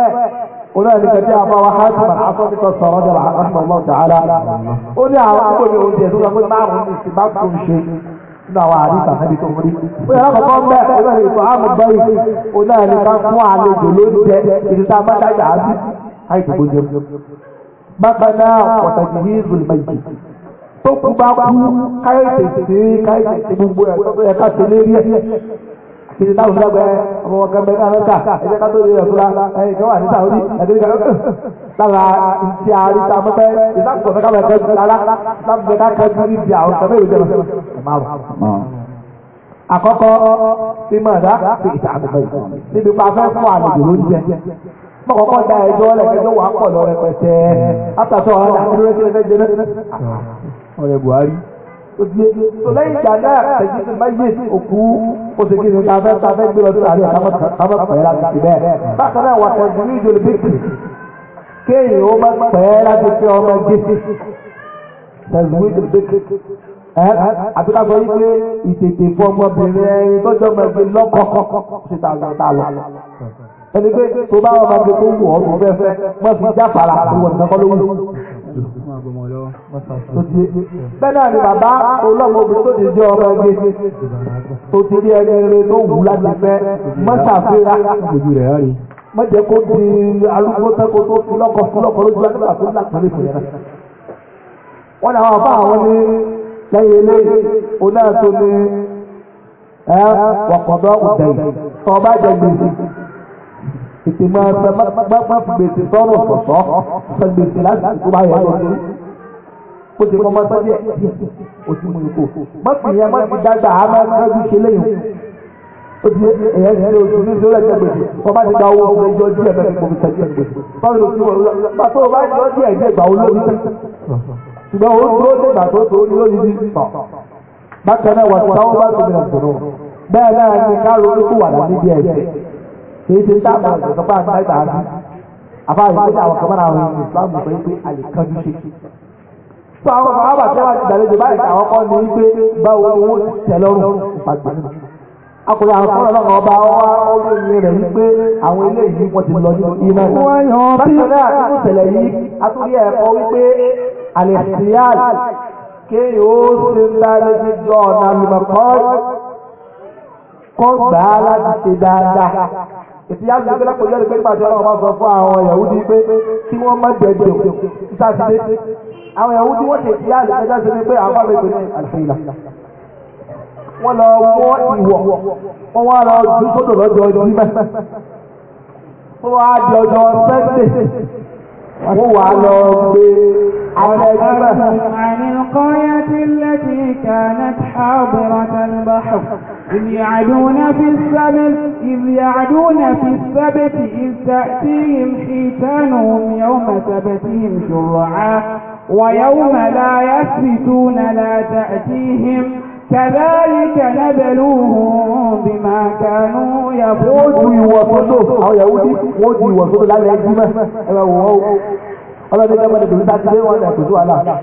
Speaker 2: ona ni kati afa wa hati man afa ko sọ̀rọ̀ da rahmatullah ta'ala ona awa ko ni o je du ko ma ko ni si ba ko ṣe nínú àwọn àríkà níbi tó mú rí. Ó yàrá kọ̀kọ́ ń bẹ́ ọlọ́run ìtọ́ àmú bẹ́ẹ̀ o náà ní ká fún àlejò lóúnjẹ ìdí tá a bá dájà á sí àìsàn bó jẹun. Bákan náà pàtàkì ní ìzùlùmọ̀jì. Tó kú bá kú káyọ̀tì sí káyọ̀tì gbogbo ẹ̀ka tó lérí ẹ̀. Kìdí táwọn ìgbàgbẹ́ ọmọ ọ̀gá mẹ́ta mẹ́ta ẹ̀jẹ̀ ká tó lè rẹ̀ fúra ẹ̀ lára ìṣe àríta mọ́tẹ́ ìdákùnkùn fẹ́ káwọn ẹ̀kọ́ ju lára lábẹ́ kákọ́ ju níbi àwọn ọ̀sẹ̀ mẹ́rin jẹ́rọ àkọ́kọ́ ìmọ̀dá fi ìtàkùnkùn níbi pa fẹ́ fún àlejò lóúnjẹ mọ̀kọ́kọ́ da ẹjọ́ lẹ́gbẹ́jọ́ wà pọ̀ lọ rẹpẹtẹ látàtọ̀ ọ̀rọ̀ dàdúró kí lẹ́gbẹ́ jẹ́rẹ́ ọ̀rẹ́ Buhari tó lẹ́yìn ìgbà náà tẹ̀sí ti máa yé òkú oṣèké ní ká fẹ́ ta fẹ́ gbé lọ sí àárẹ̀ kámọ́pẹ̀lá ti bẹ́ẹ̀ náà wà kéèyàn ó má pẹ́ láti pé ọmọ gẹ́sì pẹ̀lú ìdòdó àtúkàgbọ́ yìí pé ìtètè fún ọmọbìnrin ẹni tọ́jú ọmọbìnrin lọ́kọ̀ọ̀kọ̀ ṣe tààlà ẹni pé tó bá wọn máa gbé tó wù ọ́ tó fẹ́ fẹ́ mọ́ fi jáfara àtúwọ̀ nǹkan kọ́ lówó. bẹ́ẹ̀ náà ni bàbá olóòmọbìnrin tó ti jẹ́ ọmọ ẹgbẹ́ tó ti rí ẹni rẹ tó wù láti fẹ́ mọ́ṣáfíra má kó di arúgbó tẹ́kó tó fi lọ́kọ̀ fún lọ́kọ̀ lójú nígbà tó nígbà pẹ̀lú ìfòyẹ́ rẹ̀. wọ́n ní àwọn àbá àwọn ní lẹ́yìn eléyìí oná tó ní ẹ wọ̀kọ̀dọ̀ òtẹ̀yìn tó bá jẹ gbèsè ìpìmọ̀ ẹgbẹ́ gbèsè tọ́rọ̀ sọ̀tọ̀ sọ gbèsè láti tó bá yẹ lọ́dún ó ti kọ́ mọ́tọ́ díẹ̀ díẹ̀ ó ti mú ikú mọ́tì yẹn mọ́tì dágbà á máa ń ojú èyàn ìyẹn lè ojú nílò ẹgbẹ́ gbèsè wọn bá ti gba owó ọmọ ẹjọ́ díẹ̀ bẹ́ẹ̀ kò fi tẹ̀lé gbèsè báwo ló ti wọ̀ lọ pàtó bá yọ díẹ̀ díẹ̀ gbà owó lórí ṣùgbọ́n ó dúró dègbà tó tó ní lórí ní sọ bákan náà wọ́n táwọn bá tóbi nà sọ̀rọ̀ bẹ́ẹ̀ náà ni káàró ló kú wà níbi ẹ̀jẹ̀ kìí ṣe sábà ìjọba àgbàgbà àbí àbá ìgbésẹ̀ àwọn kọ́mọ́nà àwọn ìsìlámù pé pé àlìkanjú ṣe sọ àwọn bàbá àbàtẹ́wà ti dàlejò báyìí àwọn kọ́ ni wípé báwo owó tẹ̀lọ́rùn ìpàgbà náà akọ̀rọ̀ àwọn fúnra náà ọba wa orí mi rẹ̀ wípé àwọn ilé yìí wọ́n ti lọ nínú iná náà. bákan náà nínú ìṣẹ̀lẹ̀ yìí atúndí ẹ̀kọ́ wípé àlẹ́sìlíàl kéèyàn ó ṣe ń bá ní jíjọ ọ̀nà àlùmọ̀kọ́ kọ́ gbà á láti ṣe dáadáa. Ètí yá sí ìgbélé pẹ̀lú ẹ̀rẹ́gbẹ́ ìpàdé ọlọ́run máa sọ fún àwọn Yahudi pé kí wọ́n má jẹjẹ òkè sísá sílé. Àwọn Yahudi wọ́n ṣe ìyá àlùfẹ́jọ́ sí ni pé àwọn àgbẹ̀gbẹ̀ ní àlùfẹ́ ìlà. wọ́n lọ wọ́ ìwọ̀ wọ́n wá lọ ju fótó lọ́jọ́ jímẹ̀ wọ́n wá di ọjọ́ sẹ́ńdẹ̀ wọ́n wá lọ gbé alẹ́ jímẹ̀.
Speaker 1: عن القرية التي كانت حاضرة البحر إذ يعدون في السبت إذ يعدون في السبت إذ تأتيهم حيتانهم يوم سبتهم شرعا ويوم لا يسبتون لا تأتيهم كذلك نبلوهم بما كانوا kẹnu yẹ̀bú. Wọ́n ju
Speaker 2: ìwọ̀sọ́dọ̀, àwọn ìyàwó ní wọ́n ju ìwọ̀sọ́dọ̀ lálẹ́ ẹgbẹ́ ẹgbẹ́ wọ́n ọlọ́dún ẹgbẹ́ ẹgbẹ́ tó tàbí wọn ẹ̀kọ́ tó wà láà.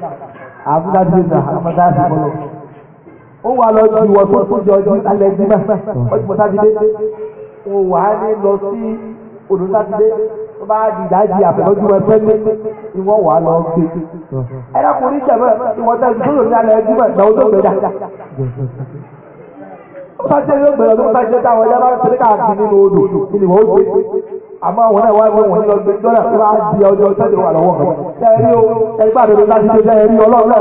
Speaker 2: Àbúdá ti Ó wà lọ ju ìwọ̀sọ́dọ̀ jọ ọjọ́ lálẹ́ ẹgbẹ́ ọjọ́ sátidé. Ó wà á ní lọ sí òdòdó tó bá di ìdájí àfẹ́lójú ẹgbẹ́ ní ìwọ́n wà lọ gbé. ẹlẹ́kùnrin ṣẹ̀fẹ̀ ìwọ́tẹ́ ìdúró ní alẹ́ ẹjú mẹ́ta ó tó gbé dá. ó bá tẹ́lẹ̀ ló gbẹ̀rẹ̀ ló bá jẹ́ táwọn ẹja bá tẹ̀lé káàkiri nínú odò ní ìwọ́n ó gbé. àmọ́ àwọn náà wáyé wọn lọ gbé dọ́là tó bá di ọjọ́ sẹ́dẹ̀ wà lọ́wọ́ kan. ẹ̀rí o ẹ̀rí pàdé láti ṣe ẹ̀rí ọlọ́run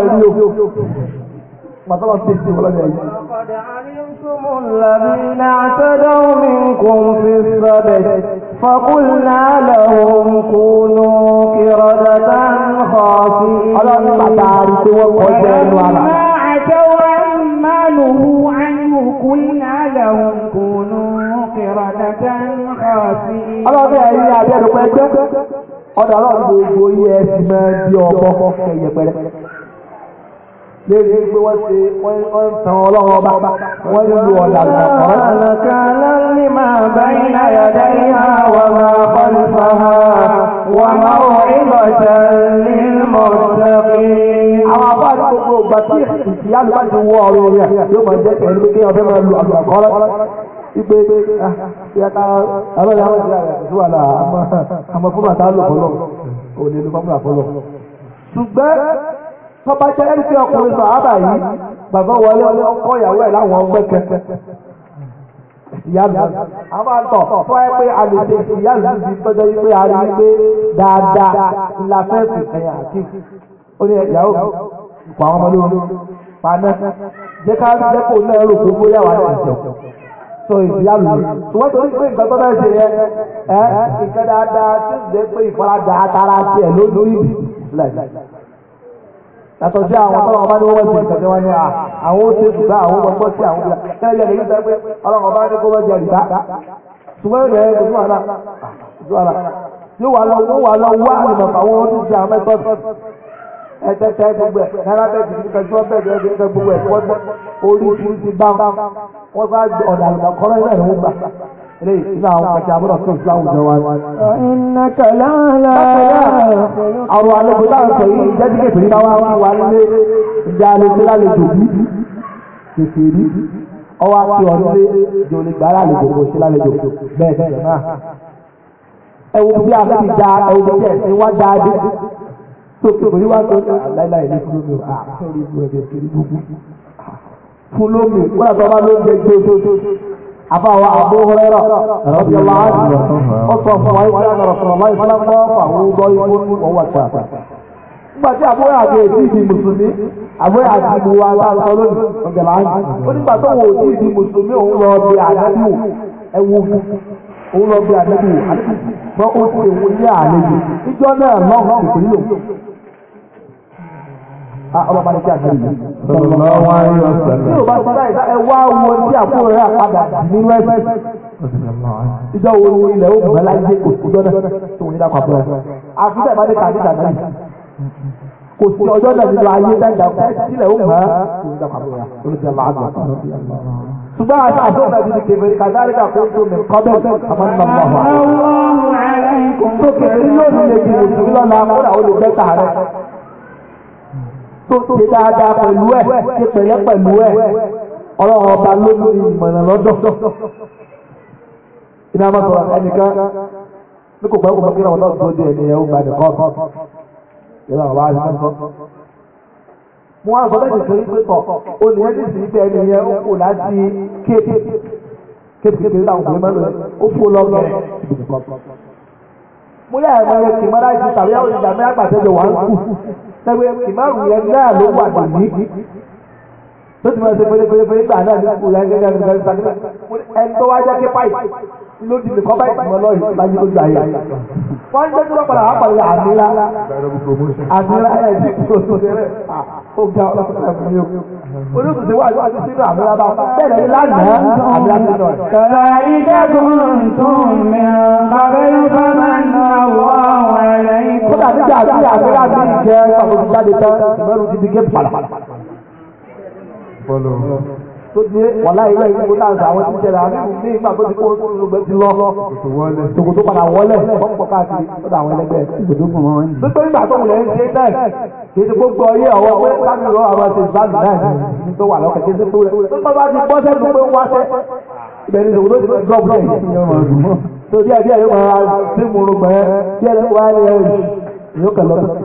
Speaker 2: لقد علمتم
Speaker 4: الذين اعتدوا
Speaker 1: Fọkúnlá lọ́hùn kúnú kìrọ̀dọ̀dá ń họ sí ilé. Ọlọ́run bàbá rí pé wọ́n kọjá ẹnu àlà. Àjọwọ́ ìmọ̀lùhù àìmù kúnlá lọ́hùn kúnú kìrọ̀dọ̀dá
Speaker 2: ń họ sí Ọ̀dọ̀ ọlọ́run gbogbo iye ẹ̀sìn máa ń di ọ̀pọ̀ kẹ̀yẹ̀ pẹ̀rẹ̀ lérí pé wọ́n ṣe wọ́n tan ọlọ́run ọba wọ́n ń lu ọ̀dà ọ̀rọ̀. àlàkà lálé máa bá
Speaker 1: iná yàda iná wà máa fọ́lù fàá wà máa wọ ìbọ̀tẹ̀
Speaker 2: nílùmọ̀ sẹ́fì. àwọn afọ àti gbogbo ìgbà tí ìyá mi bá ti wọ ọ̀rọ̀ rẹ̀ yóò máa jẹ́ pẹ̀lú pé kéèyàn fẹ́ máa lu àgbà kọ́rọ́ ipe yàtà alọ́yà àwọn ìdílé rẹ̀ tó wà láà àmọ́ fúnmà tá a lò fọlọ́ òní ló fọ́nmà fọlọ́ ṣùgbọ́n tọ́ba jẹ́ ẹ̀rí pé ọkùnrin sàhábà yìí bàbá wọlé ọkọ ìyàwó ẹ̀ láwọn ọgbẹ́ kẹkẹ. ìyá mi àwọn àtọ̀ tó ẹ pé a lè ṣe ìyá mi ti tọ́jọ́ yìí pé a rí i pé dáadáa ńlá fẹ́ ẹ̀yà àti ó ní ìyàwó ipò àwọn ọmọdé wọn paná jẹ́ ká jẹ́ kó náà rò pé bóyá wà á jọ so ìyá mi wọ́n torí pé nǹkan tó bẹ́ẹ̀ ṣe yẹ ẹ́ ìkẹ́ dáadáa tó jẹ́ pé ìfaradà atara tiẹ̀ lónìí lẹ́yìn yàtọ̀ sí àwọn tọ́lọ̀ ọba ní wọ́n wẹ́sì ìkàtẹ́ wọn ní à àwọn ó ṣe ṣùgbọ́n àwọn ọmọ gbọ́ sí àwọn ìlà tẹ́lẹ̀ yẹn lè yíta ọlọ́run ọba ní kó wọ́n jẹ àdìbá ṣùgbọ́n ẹ̀rọ ẹ̀ dojú àlà dojú àlà yóò wà lọ wọ́n wà lọ wá àlùmọ̀ àwọn ohun tó ṣe àwọn mẹ́tọ́ ẹ̀tẹ́tẹ́ gbogbo ẹ̀ náírà bẹ́ẹ̀ ti kẹ́ jọ́ bẹ́ẹ̀ bẹ́ẹ̀ bẹ́ẹ̀ gbogbo ẹ̀ wọ́n orí ti bá wọn bá ọ̀dà àlùmọ̀ kọ́rọ́ Iná
Speaker 1: kàlá àlá. Àwọn àlejò táwọn sọ yìí jẹ́ díkẹ̀ tó ní bá wá wá
Speaker 2: nílé ìjà àlejò lálejò bí kèsè rí. Ọwọ́ àti ọ̀nlé jò lè gbà lálejò kò ṣe lálejò bẹ́ẹ̀ bẹ́ẹ̀ náà. Ẹ wo bí a fi ti da ẹwù jẹ́ ẹ wá da adé. Sókè kò ní wá tó ah, láíláí ah, ní fúlómi àkọ́rí ìlú ẹ̀jẹ̀ kiri gbogbo. Ah, fúlómi kó àtọ́ bá ló ń jẹ gbé afọ Abu Hurairah rọ́bí ọlá àjùmọ̀ ó sọ fún wa ìwà ìlànà ọ̀sọ̀rọ̀ láì fún ọ̀pọ̀ àwọn ọgbọ́ Ah, ọba padà sí àgbẹ̀ yìí. sọlọ wá ń lọ sọlọ. tí o bá ti báyìí sá ẹ wá wo tí àkókò rẹ àpadà nínú ẹgbẹ́. ìjọ wo ni ilẹ̀ ó bẹ̀rẹ̀ láyé òjò náà tó wọlé dàpọ̀ àpẹẹrẹ. àfihàn ìbáde kàdé kàdé yìí. kò sí ọjọ́ náà nínú ayé dáadáa kò sílẹ̀ ó bẹ̀rẹ̀ tó wọlé dàpọ̀ àpẹẹrẹ. olùsẹ̀ máa gbà. ṣùgbọ́n àti àdéhùn náà ti kébé kàdárí kàkó tó mi kọ́ ṣe dáadáa pẹ̀lú ẹ̀ ṣe pẹ̀lẹ́ pẹ̀lú ẹ̀ ọlọ́run ọba lónìí ìmọ̀nà lọ́dọ̀. iná máa sọ̀rọ̀ ẹnìkan ní kò pẹ́ kò mọ́kí náà lọ́dọ̀ tó di ẹ̀mí ẹ̀ ó gba nìkan ọ̀tọ̀ ìlà ọ̀bá àdìsọ́. mo wá sọ bẹ́ẹ̀ nítorí pé tọ̀ o nìyẹn ti sì pé ẹni yẹn ó kò láti kéèké kéèké láwọn òkè mẹ́rin ó fò lọ bẹ̀rẹ̀ mo yà ẹ̀rọ ẹ̀kì mọ́ra ìdí tàbí àwọn ìdàmẹ́ àgbàtẹ́jọ wà ń kù sẹ́wé ìmáàrún yẹn náà ló wà nìyí tó ti máa ṣe pérépérépéré gbà náà ní kùrẹ́ gẹ́gẹ́ bí wá jẹ́ kí páì lódì lè kọ́bá ìgbìmọ̀ lọ́yìn láyé lójú ayé. Wọ́n ń jẹ́jú lọ́pàá àwọn àpàlẹ̀ àmìlá. Àmìlá ẹ̀ ti kúrò tó tẹ́lẹ̀. Ó ga ọlọ́pàá fún mi o. Olóòtú wà ló ti sínú àmìlá bá bẹ̀rẹ̀ ní lánàá àmìlá ti lọ. Kàrà ìjẹ́kùn
Speaker 1: tún mi bàbá yóò bá máa ń náwó àwọn ẹ̀rẹ́ ikú. Kódà nígbà tí àmìlá mi jẹ́ pàtó ti jáde tán, ìmọ̀rù ti di gé pàlà
Speaker 2: tó dé wọ̀lá ilé ìlú náà sọ àwọn tí tẹ̀lé àbí ní ìgbà tó ti kó olùgbé ti lọ tòkò tó padà wọlé bọ́pọ̀ káàkiri tó dà àwọn ẹlẹgbẹ́ ìgbòdó fún wọn. pípé nígbà tó wùlẹ̀ ń ṣe bẹ́ẹ̀ kì í ti gbogbo ọyẹ ọwọ́ pé káàkiri lọ àwọn ti bá mi náà ní tó wà lọ́kẹ̀ kí n tó rẹ̀ tó bá ti bọ́ sẹ́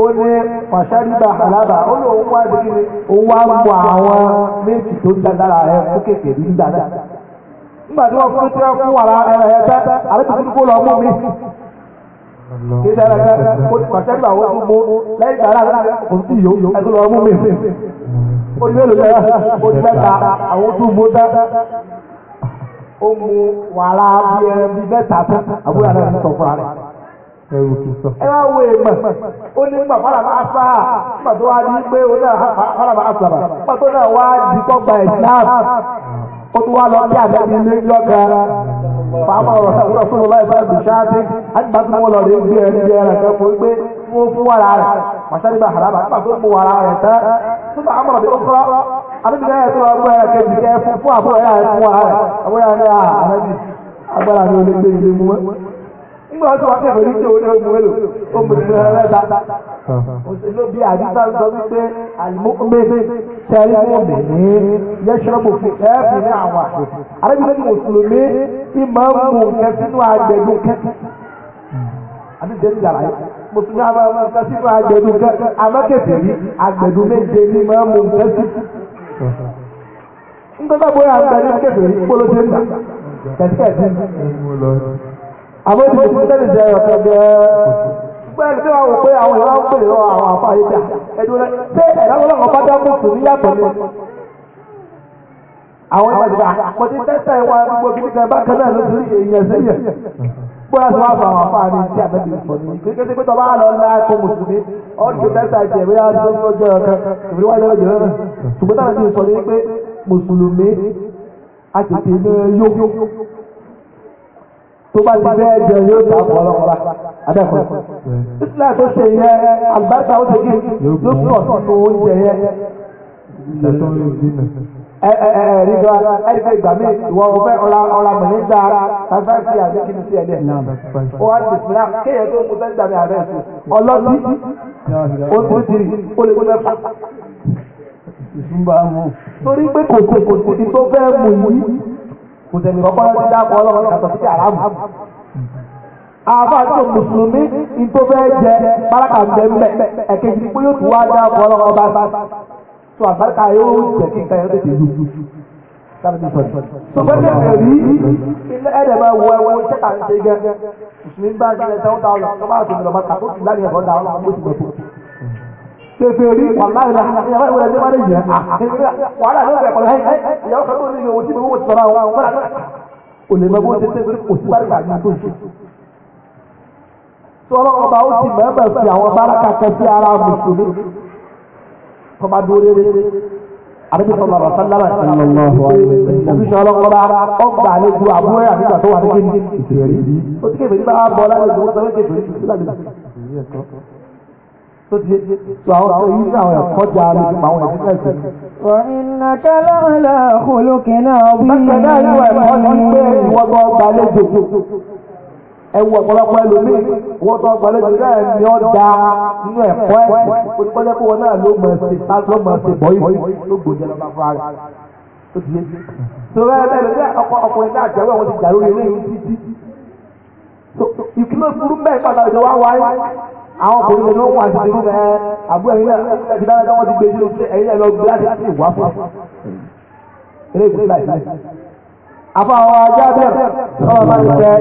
Speaker 2: ó ní pàṣẹ́rígbà àlábà ó ní òun wá sí kí ni òun wá mú àwọn méjì tó dáadáa rẹ̀ fún kékeré nígbà náà. nígbà tí wọ́n fún tí wọ́n fún wàrà ẹ̀rọ ẹ̀ tẹ́ àlejò tó kó lọ mú mi. kí sẹ́rẹ̀ fẹ́ pàṣẹ́rígbà ó tún mú lẹ́yìn tààrà kò sí yòó ẹ̀ tó lọ mú mi. ó ní mélòó lẹ́yìn ó ti mẹ́ta àwọn tó mú tẹ́ ó mú wàrà bí ẹ̀rẹ̀ ẹrù tó sọ. ẹ wá wo èèmọ̀ ó ní nígbà fàlàbà àṣà nígbà tó wá di pé ó náà fàlàbà àṣà nígbà tó náà wá di kọ́gbà islam ó tún wá lọ sí àdáyé ilé lọ́gà fàámà ọ̀rọ̀ sọ̀rọ̀ láì bá ti ṣáájú àgbà tí wọ́n lọ rí bí ẹni bí ẹran kan fún pé wọ́n fún wàrà rẹ̀ wàṣájú bá haraba nígbà tó fún wàrà rẹ̀ tán nígbà àmọ̀ bí ó kọ́ àbíbi náà ẹ̀sọ́ ọgbọ́n ẹ̀rọ kejì kẹ́ fún fún àbúrò ẹ̀rọ fún wàrà rẹ̀ àbúrò ẹ̀rọ ah, àgbàlá ni ó lè gbé ilé mú wọn nígbà tó wá kẹfẹ́ ní tí òun náà mú ẹlò ó mú ní ẹrẹ́ dáadáa ah. òṣèlú bí àdúgbà sọ wípé àlùmọ́kùnmẹ́fẹ́ tẹ́lẹ̀ mọ́mí ní yẹ́sọ́bù fún ẹ́ẹ̀fù ní àwọn àpò arábìnrin ní mùsùlùmí tí máa ń mú kẹsínú àgbẹ̀dùn kẹsí àdúgbò ní yàrá yìí mùsùlùmí àwọn ọmọ kẹsínú àgbẹ̀dùn kẹsí àmọ́kẹ́sì yìí àgbẹ̀dùn méje ní máa ń mú kẹsí nígbàgbọ́ àgbẹ̀dùn
Speaker 3: kẹsì yìí àmọ́ ìdíje
Speaker 2: pẹ́tẹ́lì jẹ́ ọ̀tọ̀ gẹ́ẹ́ bẹ́ẹ̀ tí wọ́n pé àwọn ìwà ń pèlè lọ́wọ́ àwọn àfa ayé tà
Speaker 4: ẹ̀dùn rẹ̀ ṣé ẹ̀dá wọn lọ́wọ́ bá dá mọ́tò ní yàtọ̀ ni
Speaker 2: àwọn ìwà ìgbà mo ti tẹ́tẹ́ wa gbogbo kí nìkan bá kan náà lójú èèyàn sẹ́yìn bóyá sọ wàá fọ àwọn afá mi tí àbẹ́bí sọ ni kékeré pé tọ́ba àlọ́ ńlá tó mùsùlùmí ọ̀dùn tẹ́tẹ́ àti ẹ̀mí á tó lọ́jọ́ ọ̀kan ìbí wáyé lọ́jọ́ náà ṣùgbọ́n táwọn ti sọ ni pé tó bá ti bẹ́ẹ̀ jẹ yóò ta fún ọlọ́mọba adẹ́kùn islam tó ṣe yẹ àlùbáríkà ó ti gé yóò pọ̀ tó oúnjẹ yẹ. ẹ ẹ ẹ rí jọ ẹrífẹ ìgbà mi ìwọ ọfẹ ọra ọra mẹlẹ ń dára tàbí fi àbí kí ni sí ẹdẹ ó wá ti fìlà kéèyàn tó kó sẹ́ńdà mi àbẹ̀ ẹ̀sùn ọlọ́dún ó ti tìrì ó lè kó mẹ́fà ìsúnbà mú. torí pé kòkòkò ti tó fẹ́ mú yìí kò tẹ̀lé kọ́kọ́ lọ́dún dáàbò ọlọ́run yàtọ̀ sí àràbù. àfáà tó mùsùlùmí ìtò fẹ́ jẹ báràkà mbẹ́mbẹ́ ẹ̀kejì pé yóò tún wá dáàbò ọlọ́run ọba tó àbáràkà yóò jẹ́ kí nǹkan yẹn tètè dùn.
Speaker 4: sọfẹ́ tẹ̀lé rí ilé ẹ̀dẹ̀ máa
Speaker 2: wọ ẹwọ́ ṣẹ́kà ń ṣe gẹ́ mùsùlùmí bá ń ṣe tẹ̀sẹ̀ rí wàhálà ìlà ìyàwó ìwé ẹ̀jẹ̀ wálé yẹn wàhálà ló bẹ̀ pẹ̀lú ẹ̀yìn ìyàwó kan tó ní ìyàwó tí mo wò sọ̀rọ̀ àwọn ọmọ rẹ̀ kò lè mẹ́bí ó ti tẹ̀sẹ̀ kò sí wárí gbàgbà tó ṣe. sọ́lọ́ ọba ó ti mẹ́mẹ́ fi àwọn báraka kẹ́ sí ara mùsùlùmí tọ́ba dúró rere àdébí sọ̀rọ̀ ọ̀rọ̀ sálára ìṣẹ́ ọlọ́kọ̀ọ́ba ọgbà àlejò àbúrò àdúgbò àtọwà nígbè ní
Speaker 3: ìṣèlérí ó ti kébèrè bá bọ́
Speaker 2: lálejò tó ti tó àwọn àwọn yìí àwọn ẹ̀kọ́ jà rí àwọn ẹ̀kọ́ ẹ̀sẹ̀.
Speaker 1: wọ́n iná kálá ńlá olókè náà wí. bákan náà ìwà ni pé ìwọ́n tó gbàlejò
Speaker 2: ẹwọ ọ̀pọ̀lọpọ̀ ẹlòmíì wọ́n tó gbàlejò náà ni ó da nínú ẹ̀kọ́ ẹ̀ onípọ́jẹ́ kó wọn náà ló mọ̀ ẹ̀sìn bá ló mọ̀ ẹ̀sìn bọ́ yìí ló gbòjẹ́ lọ́ba fún ara tó ti yé. sọ̀rọ̀ ẹ̀ bẹ́ẹ̀ wáyé àwọn ọkùnrin ló wà sí ìlú ẹ àbúrò ẹ̀yin náà ti dára wọn ti gbé sínú sí ẹ̀yin náà lọ gbé láti láti wá fún ilé ìgbésí láì sí. àfa àwọn ajá bẹ́ẹ̀ sọ́wọ́n máa ń jẹ́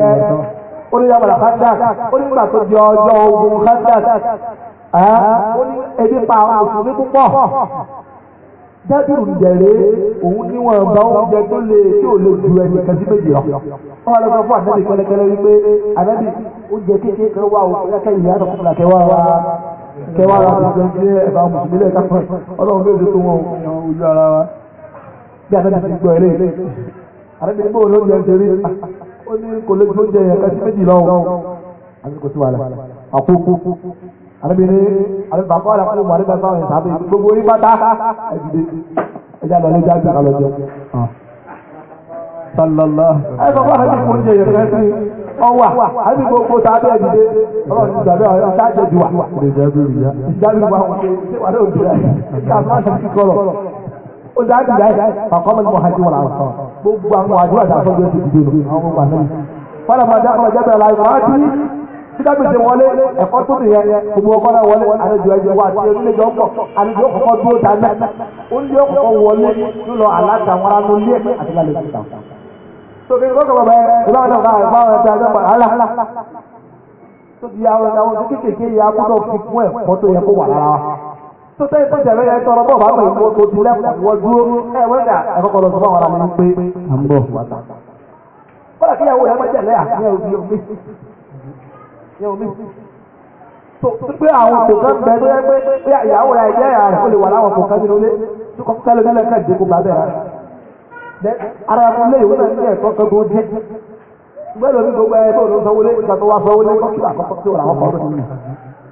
Speaker 2: oníyàmọ̀lá kádàk onígbà tó di ọjọ́ ogun kádàk ẹ̀ẹ́d dábìrù ìjẹ̀rẹ́ òun níwọ̀n bá oúnjẹ tó lè tí ò lè ju ẹnì kan sí méjì lọ. wọ́n lọ fún wípé oúnjẹ kékeré kan wà ó àlébìnrin àlébàbọ àlàkùnrin wà nígbà táwọn ìsàbẹ gbogbo orí pátá ẹdìdè ẹjá lọ lẹjá gbà lọ jẹ. sallọlá. ẹ sọ fún àlejò kò ní jẹ yẹn fẹẹ ọwà àbí gbogbo tàbí ẹdìdè Ọlọ́run ti sàbẹ ọyọ sáàjẹ jù wà. ìjábí wà wọn ṣé wà lóòjì rẹ ká má ṣe kí kọrọ. ó dáa ti dáa kàkọ́ mẹ́ni mọ̀ hajj wọn àwọn sọ gbogbo àwọn àdúrà dàfọ́ síkágbèsè wọlé ẹ̀kọ́ tó ti yẹ gbogbo ọkọ náà wọlé àlejò ẹjọ wa àti onílẹ̀jọ pọ̀ àlejò kọ̀kọ́ dúró dáná onílé kọ̀kọ́ wọlé lọ aláta wọn anú lé àti lálẹ́ ìta. sọ̀rọ̀ ìgbọ́kọ̀ bàbá ẹ̀ ìbáwọn náà bá àwọn ẹ̀ta ẹ̀ta àlá tó ti yà àwọn tó kékèké yà gbọ́dọ̀ fi fún ẹ̀kọ́ tó yẹ kó wà lára wa. tó tẹ́ ìtọ́ ìjẹ̀lẹ́ yẹn tọrọ bọ́ọ̀ bá pè é tó ti lẹ́kọ̀ọ́ wọ́n dúró ẹ̀ wọ́n dà ẹ̀kọ́ kọ́ lọ sọ fún àwọn ará mi pé à ń bọ̀ wá ta. bọ́lá kíyàwó rẹ̀ mọ́jẹ̀lẹ́ àti ẹ̀ òbí omi omi pé àwọn kòkán bẹ tó yẹ pé pé ìyàwó rẹ ìyá ìyá rẹ ó lè wà láwọn kòkán nínú ilé tó kọ kẹlẹ nílẹ ká ìdínkù bá bẹ rẹ ara ilé ìwé náà ní ẹ̀kọ́ kan tó jẹ gbẹlẹ omi gbogbo ẹ bó ló ń sanwó lé ìgbà tó wá sanwó lé kọkí àkọ́kọ́ tó rà wọn kọ ọdún ó ní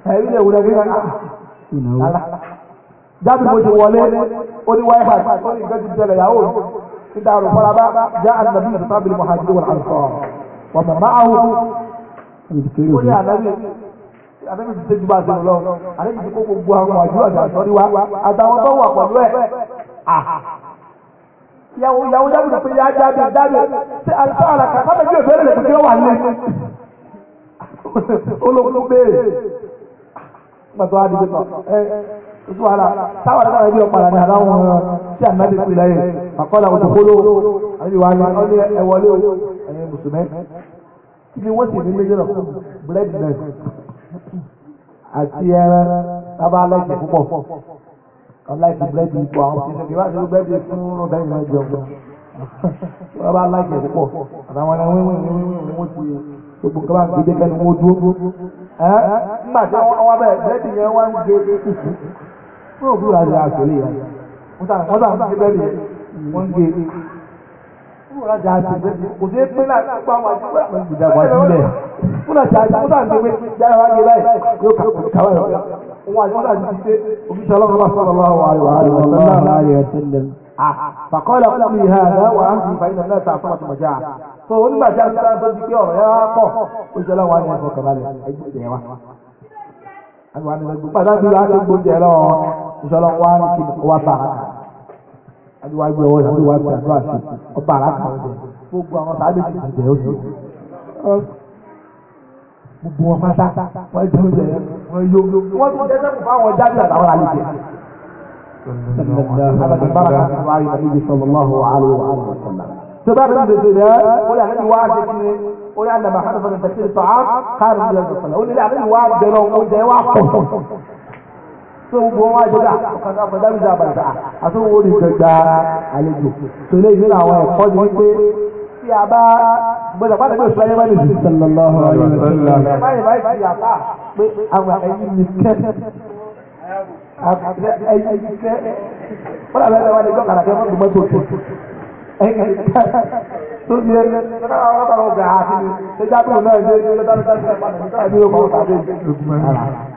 Speaker 2: wáyé ní ìgbẹ́jú tẹlẹ ìyàwó ìdàrú fọlábà já àdàbí ó ní ànábì ànábì ti tẹ́jú bá a ti lọ ànábì ti kó gbogbo àwọn àjọ àjà àtọ́rí wa àtàwọn tó wà pẹ̀lú ẹ̀ yàwó yàwó yàwó ló pe yàá jáde jáde ṣe àlùfáà àlàkà sábà bí òfin rẹ̀ kékeré wà nílẹ̀ (laughs) olókùn béèrè pàtó àdìgbò tán ẹ ojú ara táwọn àdìgbò àdìgbò ọ̀pára àdáwọn ọ̀rọ̀ tí ànábì pè lẹ́yìn àkọ́lá òdòkóló àdìgbò wa ni ọ̀lẹ́ ẹ̀wọ̀lé ẹ̀yìn mùsùlùmí kí wọ́n sì ní méjì lọ blẹ́dìnẹ̀s àti ẹran sábà aláìsàn púpọ̀ aláìsàn blẹ́dì ipò àwọn òṣìṣẹ́ kí wọ́n ti blẹ́dì fún ọ̀dọ́ ìrìn àjọ wọ́n bá púpọ̀ àtàwọn ẹran wíwìn ni wọ́n ti gbogbo nǹkan bá ń gbé jẹ́kẹ́ ni wọ́n dúró nígbà tí àwọn abẹ́ blẹ́dì yẹn wá ń gbé Kúrò láti àjẹ́ kò sí pé náà gbogbo àwọn àjẹ́ wà pẹ̀lú ìdàgbà sílẹ̀. Kúrò láti àjẹ́ kúrò láti á sì fàyínà náà ta fún àtùmọ̀já. So onígbà tí a ti sára sọ́jú pé ọ̀rọ̀ yẹn pọ̀, ó ṣe láwọn àyẹ̀wò ìfọkànbalẹ̀ ẹgbẹ́ wa. Àwọn àmì ìgbàgbọ́ pàtàkì láti gbóúnjẹ lọ́wọ́ ìṣọ́lọ́wọ́ wa ní kí wá bá àdúrà gbé ọwọ́ ìṣàdúrà gbé àdúrà sí ọba àràkà ọ̀dẹ̀ gbogbo àwọn sáájú ti ṣẹ̀ṣẹ̀ ó sì. gbogbo wọn pátá wọn jẹ oúnjẹ wọn yó wọn tún jẹ sẹ́kù fáwọn jáde àtàwọn àlejò. شباب البدلاء ولا عندي واحد ولا عندما حدث من تكثير الطعام خارج من المصلى ولا عندي واحد جلو وده واحد tó gbogbo wọn àjọdá ọ̀kadà àbàdàbìdà àbàdà àtúnwò orí gbẹgbà àlejò tó lé ìlú àwọn ẹ̀kọ́ ni wípé tí a bá gbọdọ̀ pàtàkì pé ìfúnayé bá lè fi sallallahu alaihi wasallam báyìí báyìí ti àpá pé àwọn ẹ̀yìn ni kẹ́ ẹ̀yìn kẹ́ wọ́n làbẹ́ ẹ̀rọ adéjọ́ kàràkẹ́ wọ́n dùnmọ́ tó tó ẹ̀yìn kẹ́ tó ti ẹ̀ lọ́dọ̀ àwọn ọ̀gá àti ìṣẹ́jáde náà ní ẹ̀yìn lọ́dọ̀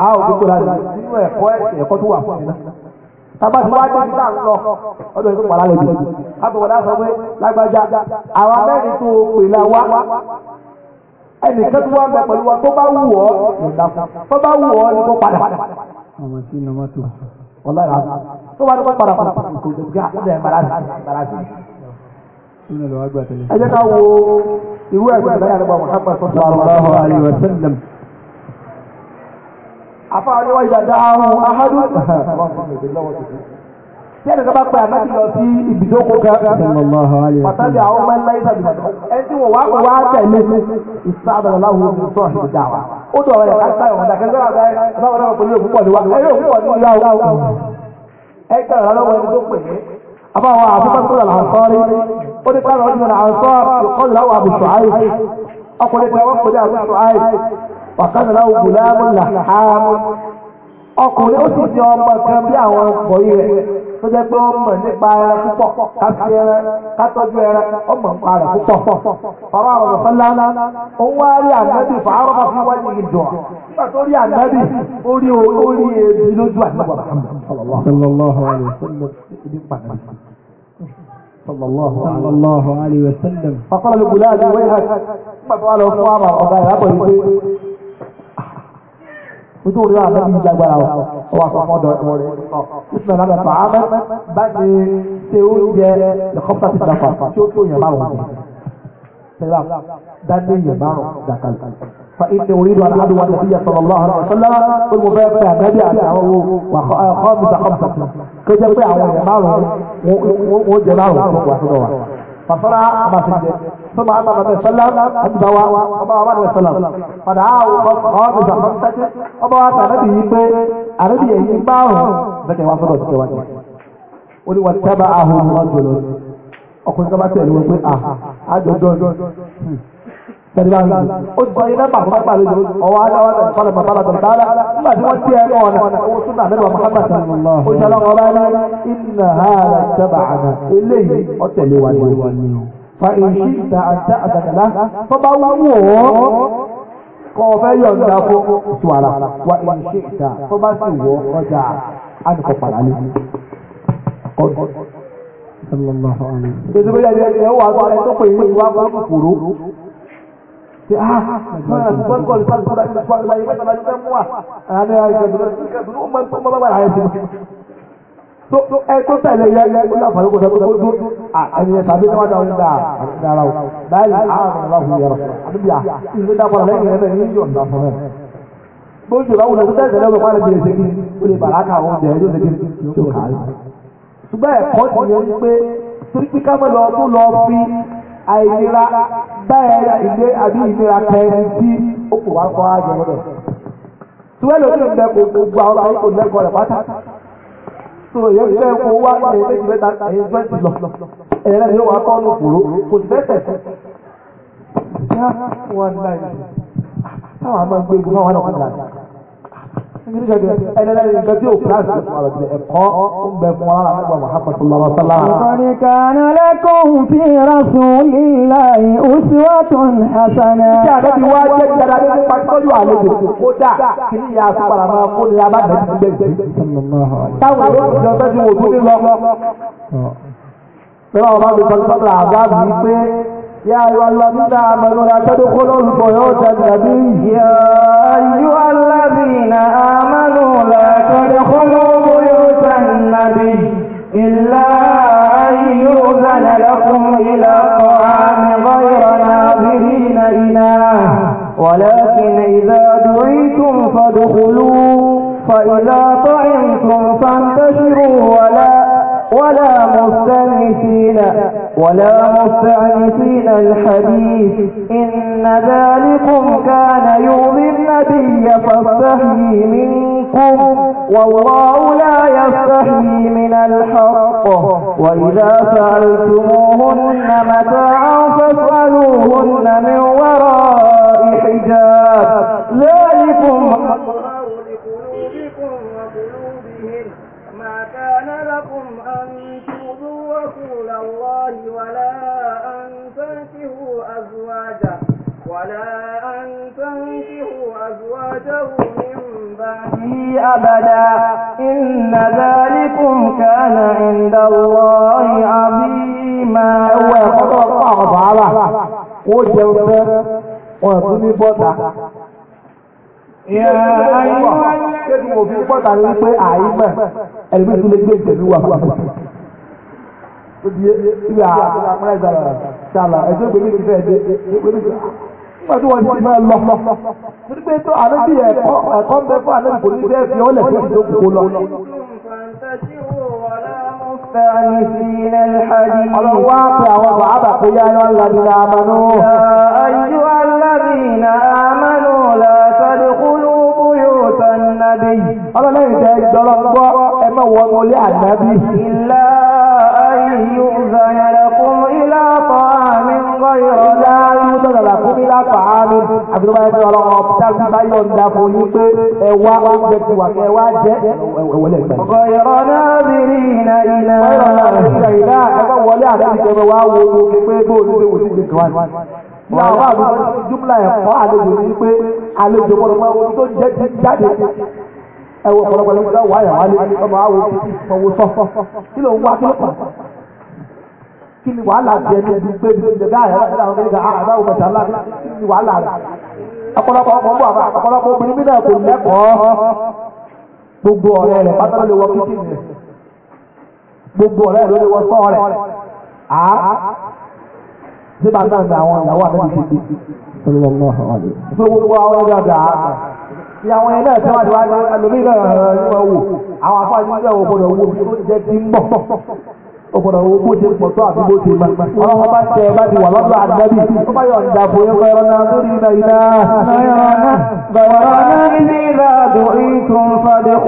Speaker 2: a ò gbogbo la lè nínú ẹ̀kọ́ ẹ̀kọ́ tó wà fún mi náà tábà tí wàá dé nígbà ńlọ ọdún ìlú pàlà lẹ́bi àbẹ̀wọ̀dà sọ pé lágbájá àwọn abẹ́ni tó pè la wá ẹnì kan tó wá ń bẹ pẹ̀lú wa tó bá wù ọ́ tó bá wù ọ́ ni kó padà. àwọn tí inú mọ́tò ọ̀la ìlà tó bá ní kó padà padà kò tó gbà ó dẹ̀ bá àfáàrí wọ́n ìdàdà àrùn ahádù tẹ́lẹ̀ tó bá pẹ́ àmẹ́tì lọ sí ibùdókò kan pàtàkì àwọn ọmọ ẹ̀ńlá ìsàbí ẹni tí wọ́n wá pẹ̀ wá tẹ̀lé ìsàbẹ̀ láwùjọ ìsọ̀ ìdá àǹsọ́rí ó ní káàrọ̀ ọdún àǹsọ́ ìkọlù láwọn àbùsùn ọkùnrin kan wọ́n ní àbùsùn àìsí wàkàtà náà ògùnlá mọ́lá ààmú ọkùnrin ó sì jẹ ọmọ kan bí àwọn ọkùnrin rẹ̀ tó jẹ́ pé ó mọ̀ nípa ẹran púpọ̀ káfí ẹran kátọ́jú ẹran ó mọ̀ nípa rẹ̀ púpọ̀. Bàbá àwọn ọ̀sán lánà ó wá rí ànábì fàárọ̀ bá fún wájú yìí Nígbà tó rí ànábì ó rí orí ebi lójú àdúgbò bàbá mi. Sallallahu ojú orí àná bí ìjàgbára ọ wà sọ fọdọ ẹwọ rẹ ìsìn náà lọfà á bẹ bá ti ṣe oúnjẹ lẹkọpítà ti dàpà tí ó tó yẹn márùn ún sẹlá dájú yẹn márùn dàkàlù. فإني أريد أن أدعو النبي صلى الله عليه وسلم والمبارك يا نبي أدعوه وخامس خمسة كجا بيع وجماله وجماله وصدوه فصرع ما في ثم أما النبي صلى الله عليه وسلم أجبوا أما أما النبي صلى الله عليه وسلم فدعاه قال زمنتك أما أتى نبي أنبي يباه ذكي وصلوا ذكي وجه ولي واتبعه الرجل ọkùnrin sábà tẹ̀lé wọn pé à àjọjọ tẹ̀lé bá ń lò ó jọ ilé bàbá bàbá lè lò ọwọ́ aláwọ̀ tẹ̀lé fọlẹ̀ bàbá lọ́dọ̀ dáadáa nígbà tí wọ́n ti ẹ̀ náà ọ̀nà owó súnà mẹ́rin wà mọ́tàkà tẹ̀lé ó jẹ́ lọ́wọ́ ọlọ́ọ̀lá ìnà ààrẹ tẹ́bà àná eléyìí ọ̀tẹ̀lé wa ni wọ́n ní o fàìyí ṣíta àti àtàkàlá tó bá wù ọ́ kọ́ ọ̀fẹ́ yọ̀ǹda fún tùwàrà wà ìyí ṣíta tó bá sì wọ́ ọjà àdìpọ̀ pàdánù. Ìjọba yàrá ẹ̀ wà á tó pè é ìwà kúkúrú ṣe a bọ́ọ̀lù bọ́ọ̀lù bọ́ọ̀lù bọ́ọ̀lù bọ́ọ̀lù bọ́ọ̀lù bọ́ọ̀lù bọ́ọ̀lù bọ́ọ̀lù bọ́ọ̀lù bọ́ọ̀lù bọ́ọ̀lù tó tẹ̀lé yẹ ó láǹfààní kò sẹ́kó tó dún ẹni yẹn tàbí níwájú àwọn ìgbà àdúgbò o báyìí àrùn aláwọ̀ yẹrọ àdúgbò à ìlú dápọ̀ lẹ́yìn ẹ̀rọ yìí yọ̀ ǹda fún ẹ. gbóòjò báwo lọ sí tẹ̀sẹ̀ lọ́wọ́ pàrọ̀ bèrè ṣe kí ó lè bàrà ká àwọn ọ̀dẹ̀ yóò ṣe kí ó kàrí. ṣùgbọ́n ẹ̀kọ́ ti yẹ wípé torípé ká mọ́ lọ tó lọ fi àìlera báyà ilé àbí ìlera kẹrin tí ó kò wá kọ́ àjọ lọ́dọ̀. ṣùgbọ́n lórí ìgbẹ́ gbogbo àwọn ọ̀rọ̀ tó yẹ fẹ́ kó wá ní ẹgbẹ́ ti mẹ́ta ẹ̀yẹ fẹ́ ti lọ ẹ̀yẹ ni wàá kọ́ ní òkúrò kò sí fẹ́ tẹ̀sí. yá wọn náà táwọn àmọ́ gbé igun náà náà kọ́ ẹnìyẹn nǹkan tí o fura sí fún ọ̀rọ̀ tiẹ̀ ẹ̀kọ́ ń bẹ fún ara nígbà Muhammad sallallahu alaihi wa sallam.
Speaker 1: Qad kana lakum fi rasulillahi uswatun hasanah. Ṣé àná ti wá jẹ́ jẹ́ra ní nípa
Speaker 2: tọ́jú àlejò kódà kí ni ìyá àtúpalà máa kó ni abájọ́ ti gbẹ̀ jẹ́?
Speaker 3: Táwọn yóò ti lọ sẹ́jú wò tó ní lọ.
Speaker 2: Bẹ́ẹ̀ bá wọn bá mi sọ يا أيها الذين آمنوا لا تدخلوا البيوت النبي يا
Speaker 1: أيها الذين آمنوا لا تدخلوا بيوت النبي إلا أن يؤذن لكم إلى طعام غير ناظرين إناه ولكن إذا دعيتم فادخلوا فإذا طعمتم فانتشروا ولا ولا مستأنسين ولا مستعنفين الحديث إن ذلكم كان يؤذي النبي فاستحيي منكم والله لا يستحيي من الحق
Speaker 4: وإذا
Speaker 1: سألتموهن متاعا
Speaker 4: فاسألوهن من وراء حجاب ذلكم
Speaker 2: ما كان لكم أن تؤذوا رسول الله ولا أن تنكحوا أزواجه ولا أن تنكحوا
Speaker 3: أزواجه من بعده أبدا إن
Speaker 1: ذلكم كان عند الله عظيما وقد الله تعالى
Speaker 2: قل جوابه Kéèkì òfin pọ́tà ní pé àìmọ̀ ẹ̀lùmí tún lè gbé ìtẹ̀lú wà fún àpẹẹrẹ. Ó di ìyá àpẹẹrẹ ìgbàlá ṣàlà ẹ̀jẹ̀ gbèmí ti fẹ́ dé. Nígbà tí wọ́n ti máa lọ. Torí pé tó àlẹ́ bí ẹ̀kọ́ ẹ̀kọ́ ń bẹ fún àlẹ́ kò ní fẹ́ fi ọ́lẹ̀ fún ìdókòwò lọ. Ọlọ́run
Speaker 1: wá pé àwọn bàbá pé yá lọ́la ní àmàlú. Ayú alábìnrin àmàlú lọ ànábì ọlọ́lẹ́yìn tẹ́ gbọ́rọ̀ gbọ́ ẹ má wọ
Speaker 2: ọmọ ilé ànábì. ìlà
Speaker 1: ayélujú ìzànyẹ̀rẹ̀ fún ilá ọkọ̀
Speaker 2: àmì ńkọ́ ìrọ̀lá yóò tọ̀dọ̀ là fún ilá ọkọ̀ àmì àbíkọ́bá ẹgbẹ́ ọlọ́wọ́ tábí bá yọ̀ ǹda fún yín pé ẹ wá oúnjẹ ti wà kẹ́ wá jẹ́ ẹ̀wọ̀lẹ̀ ìgbà. ọkọ̀ ìrọ̀lá bìrì ìnà ìlà ìlà ẹgbẹ́ wọlé àdáyé kẹfẹ́ wá wo pé bóòlù pé wòlíì ti kàn wá làwọn àbúrò jùmùlà ẹ̀kọ́ àlejò ní pé àlejò mọ̀lọ́mọ́ tó jẹ́ ti jáde ẹwọ ọ̀pọ̀lọpọ̀lọ ìgbà wà yà wálé ọmọ àwọ òkùnkùn fọwọ sọ kí ló ń wá kílọpà kí ni wàhálà jẹ ní ibi pé ní ìdẹ̀dá àyàwó àti àwọn ọmọdé àgbà òkè ah, tààlà kí ni wàhálà rẹ ọ̀pọ̀lọpọ̀ ọkọ bọ àbá ọ̀pọ̀lọpọ̀ obìnrin mi náà kò lẹ́kọ̀ọ́ gbogbo ọ̀rẹ́ rẹ pátá lè wọ kíkì rẹ gbogbo ọ̀rẹ́ rẹ ló lè wọ sọ rẹ á síbà náà ni àwọn ìyàwó àti ìṣèjì. Sọlá ọmọ àwọn àlè. Sọlá ọmọ àwọn àlè ti àwọn ẹ̀dá ẹ̀sẹ̀ wá ti wá ẹlòmíì náà ẹ̀rọ wò àwọn afáàjú náà wò gbọdọ̀ wò tó jẹ́ ti ń bọ̀ ó gbọdọ̀ wò bó ti pọ̀ tó àti bó ti mọ̀ ọlọ́wọ́ bá tẹ ẹ bá ti wà lọ́dọ̀ àdábì tó bá yọ̀ ọ̀dà fún yẹn fẹ́ràn náà lórí ilẹ̀ ìlà àdó ìtún ní sàlùbá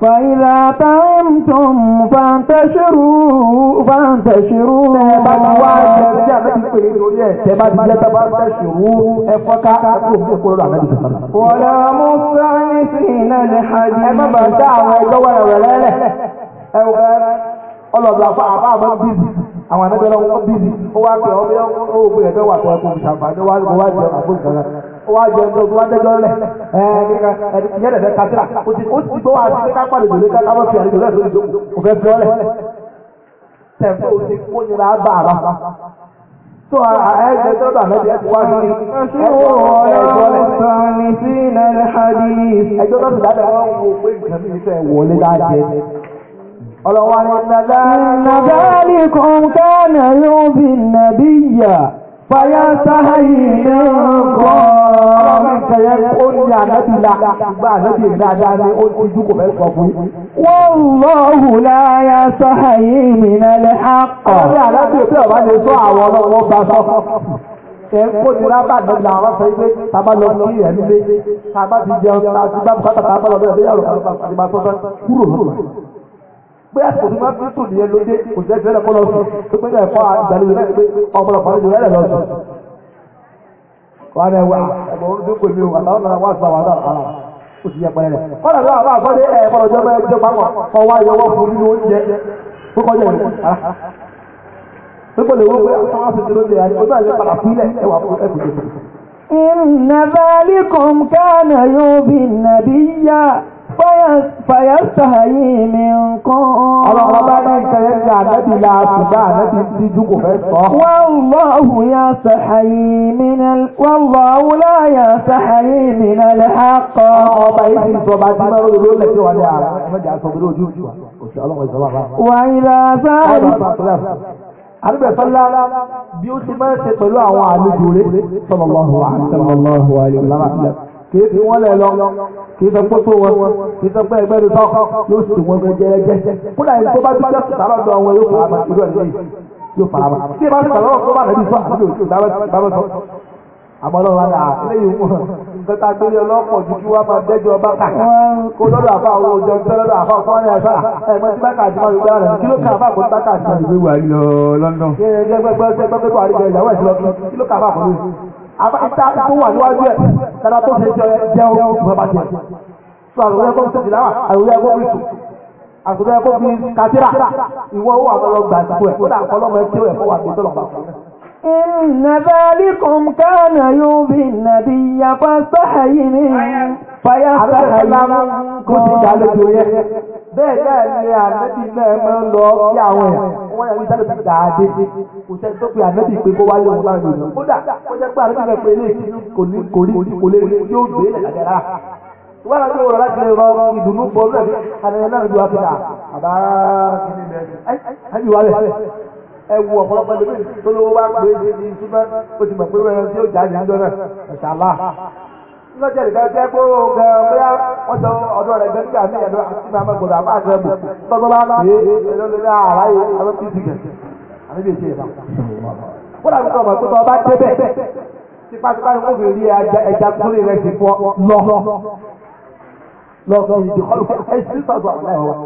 Speaker 1: فإذا طعمتم فانتشروا فانتشروا Tẹ̀bá ti wá ẹgbẹ̀rẹ̀ tí àmẹ́bí pèrè
Speaker 2: lórí ẹ̀. Tẹ̀bá ti jẹ́ tẹ̀bá ń tẹ̀ṣòwò ẹ̀fọ́ká ẹ̀kọ́ òfin tó sọ̀rọ̀. Wọ́lá mú sáré sí iná ní wá pè ọ́ bí wá jẹ ọdún ọdún wá dẹjọ lẹ ẹnìyẹn lẹfẹ kásírà ó ti gbọ́ wá sí ká pàdé ìdòlé ká lábọ́ fi àlejò lẹ́ẹ̀ lórí ìdòkù kò fẹ́ fi ọ́ lẹ̀ tẹ̀fẹ́ ó ti kó nira bá a bá tó ẹgbẹ́ tó bàbá jẹ́ ti wá sí ẹjọ́ lẹ̀ ẹjọ́ tó ti dáadáa wọ́n wo pé ìkànnì ìfẹ́ wọlé
Speaker 4: dáadé
Speaker 1: ọlọ́wọ́ ni nàdáàlì kọ̀ọ̀kan náà
Speaker 2: yóò fi nàbíyà. Fàyà sáháyì ní ọkọ̀ ọ̀rọ̀ ìfẹ̀yẹ ó ní ànábì la ìgbà ànábì dáadáa ní ó ti dúkò fẹ́ sọ fún yín. Wọ́n lọ hùlá ya sáháyì ìrìnàlẹ̀ àkọ́. Ọ̀rẹ́ ànábì òbí
Speaker 1: ọ̀bá lè sọ àwọn ọlọ́wọ́ bá sọ
Speaker 2: kó ti rábà lọ́dún àwọn ọ̀sẹ̀ yìí pé tàbá lọ sí ìyẹn lé tàbá ti jẹun tàbá ti bá bùkátà tàbá lọ́dún ẹ̀dẹ́yàwó kúrò lọ́dún pé àpò ní máa tún ní ẹlòdé kò sí ẹgbẹ́ lọ́pọ̀ lọ́sùn tó pé náà fọ́ àgbàlejò náà pé ọ̀pọ̀lọpọ̀ àlejò rẹ̀ lọ́sùn. wọn ẹ wá ẹgbẹ́ orí tó pèmí o àtàwọn náà wá sí àwọn àdá àkàrà ó sì kọ́nà náà bá àgbọ́dé ẹ̀ kọ́lọ́jọ́ bẹ́ẹ̀ jẹ́ pápọ̀ kọ́ wá yọwọ́ fún nínú oúnjẹ tó
Speaker 1: kọjá ìlú pé fàyẹ́sàáyí mi nǹkan. ọlọ́run bá ní ìkẹyẹ ní ànábì la àtúndá ànábì ń díjú kò fẹ́ sọ. wàlláhu yà sàáyí mi nà wàlláhu là yà sàáyí
Speaker 2: mi nà lè ha kọ́. ọba yìí ti sọ bá ti máa ń lò lẹ́sẹ̀ wà ní ara ọmọdé àti ọmọdé ojú wa oṣù ọlọ́run ìjọba wa. wà á bí ó ti máa ń ṣe pẹ̀lú àwọn àlejò rẹ̀ sọ̀rọ̀ lọ́hùn àti sọ̀rọ̀ lọ́hùn àlejò lára kìí fi wọ́n lẹ̀ lọ kìí sọ pọ́tò wọn kìí sọ pé ẹgbẹ́ mi sọ yóò sì wọ́n gan jẹ́ẹ́jẹ́ kódà ẹni tó bá ti jẹ́ sàrọ̀ dọ̀ wọn yóò fara ma irú ẹni yóò fara ma tí ìbá sọ̀rọ̀ tó bá nàbí sọ àbí òjò ìbára sọ àmọ́lọ́ wa náà lẹ́yìn mú nǹkan tá a gbé yọ ju kí wọ́n máa dẹ́jọ́ bá kà kó lọ́dọ̀ àfa àwọn òjò ń tẹ́lọ́dọ̀ àfa fún wọn ẹ̀fà ẹ̀mọ́ tí bá kà àti máa kí ló kà àfa àpò tákà àti máa lọ London. ṣé ẹgbẹ́ gbẹ́gbẹ́ gbẹ́gbẹ́ tó àríjọ ìyàwó ẹ̀sìn lọ́kùnrin kí ló kà àfa àbájá tó wà níwájú ẹ̀ kára tó fi jẹ jẹun ìjọba jẹ so àrùn ẹ̀kọ́ fi tìlá wà àrùn ẹ̀kọ́ fi sùn àrùn ẹ̀kọ́ fi kátírà ìwọ owó àwọn ọlọ́gbà àtìkú ẹ̀ kódà ọlọ́mọ ẹ̀ tí ó wà ní tọ́lọ̀gbà fún
Speaker 1: إن ذلكم كان يؤذي النبي فاستحيي منه فيستحيي منكم
Speaker 2: bẹ́ẹ̀ náà ni ànábì náà máa ń lọ sí àwọn ẹ̀ wọ́n yà wí sáré bí dàáde kò sẹ́ tó pe ànábì pé kó wáyé òun láwọn ènìyàn kódà kó jẹ́ pé ànábì náà pé ilé ìkíni kò ní kò ní kò lè rí yóò gbé lẹ́kàdẹ́rà wọ́n yà wí wọ́n láti rọ ìdùnnú bọ́ lórí àdáyẹ náà ju àfihàn àbá kìíní bẹ́ẹ̀ ni ẹ wu ọ̀pọ̀lọpọ̀ ẹlòmíràn tó lówó wá gbé ní ìtumọ̀ ó ti mọ̀ pé wọ́n ti ó jà ní ìjọ náà ẹ̀ṣà láà lọ́jọ́ ìgbà jẹ́ pé ó gan bóyá wọ́n jọ ọ̀dọ́ rẹ̀ gbẹ́ nígbà míì ẹ̀dọ́ àti máa gbọ́dọ̀ àbá àti ẹ̀bù tọ́gbọ́ bá máa pè é ẹ̀dọ́ lórí ààrá yìí àwọn pdp gẹ̀ àbí bí èsì ẹ̀dá. wọ́n dàbí sọ̀rọ̀ pé ọba débẹ̀ tipátipá ni wọ́n fi rí ẹja kúrò rẹ̀ ti fọ́ lọ lọ sọ ìdí kọlù ẹsì sọ̀tọ̀ àwọn ẹ̀wọ̀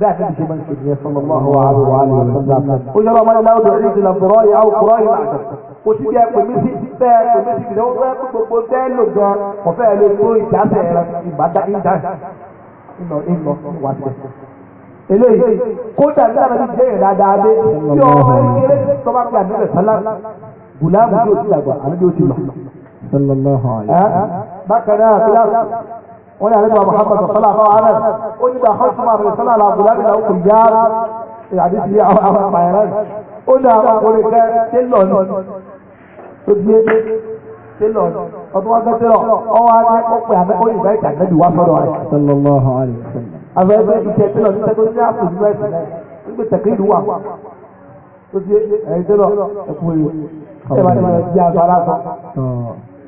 Speaker 2: bẹ́ẹ̀ ni ṣe máa ń ṣe ìyẹn sọ́nà kò sí bí ẹ̀pẹ̀ mi sí bẹ́ẹ̀ ẹ̀pẹ̀ mi sí kìlẹ̀ ó fẹ́ kó gbogbo bẹ́ẹ̀ lò gan kò fẹ́ lè kó ìdásẹ̀ rẹ ìbàdá ìdá ìnà ìnà wà sí. eléyìí kódà ní àná ti jẹ́ ìdáadáa dé tí ọmọ ìkéré tọ́ba pé àdúrà sálá gùlámù yóò ti dàgbà àlejò yóò ti lọ. bákan náà kíláàsì wọ́n yà nípa Muhammad sọ́lá àbáwá rẹ̀ ó nígbà hosùmá rẹ̀ sọ́lá ó kò yá àdìsí àwọn àpàyàn rẹ̀ ó tó gbé télọ̀ ọdún wá gbé télọ̀ ọwọ́ á ní ó pè àmì ó yìnbọn ìjà nẹ́bí wá sọ́dọ̀ rẹ̀.
Speaker 1: àfẹ́fẹ́ ìjẹ
Speaker 2: télọ̀ ní tẹ́gbẹ́ sí àpò ìlú ẹ̀sìn rẹ̀ nígbè tẹ̀kẹ́ ìlú wà. tó gbé ẹ̀yìn télọ̀ ẹ̀kú rẹ̀ ẹ̀ bá ti máa di àgbà aláṣọ.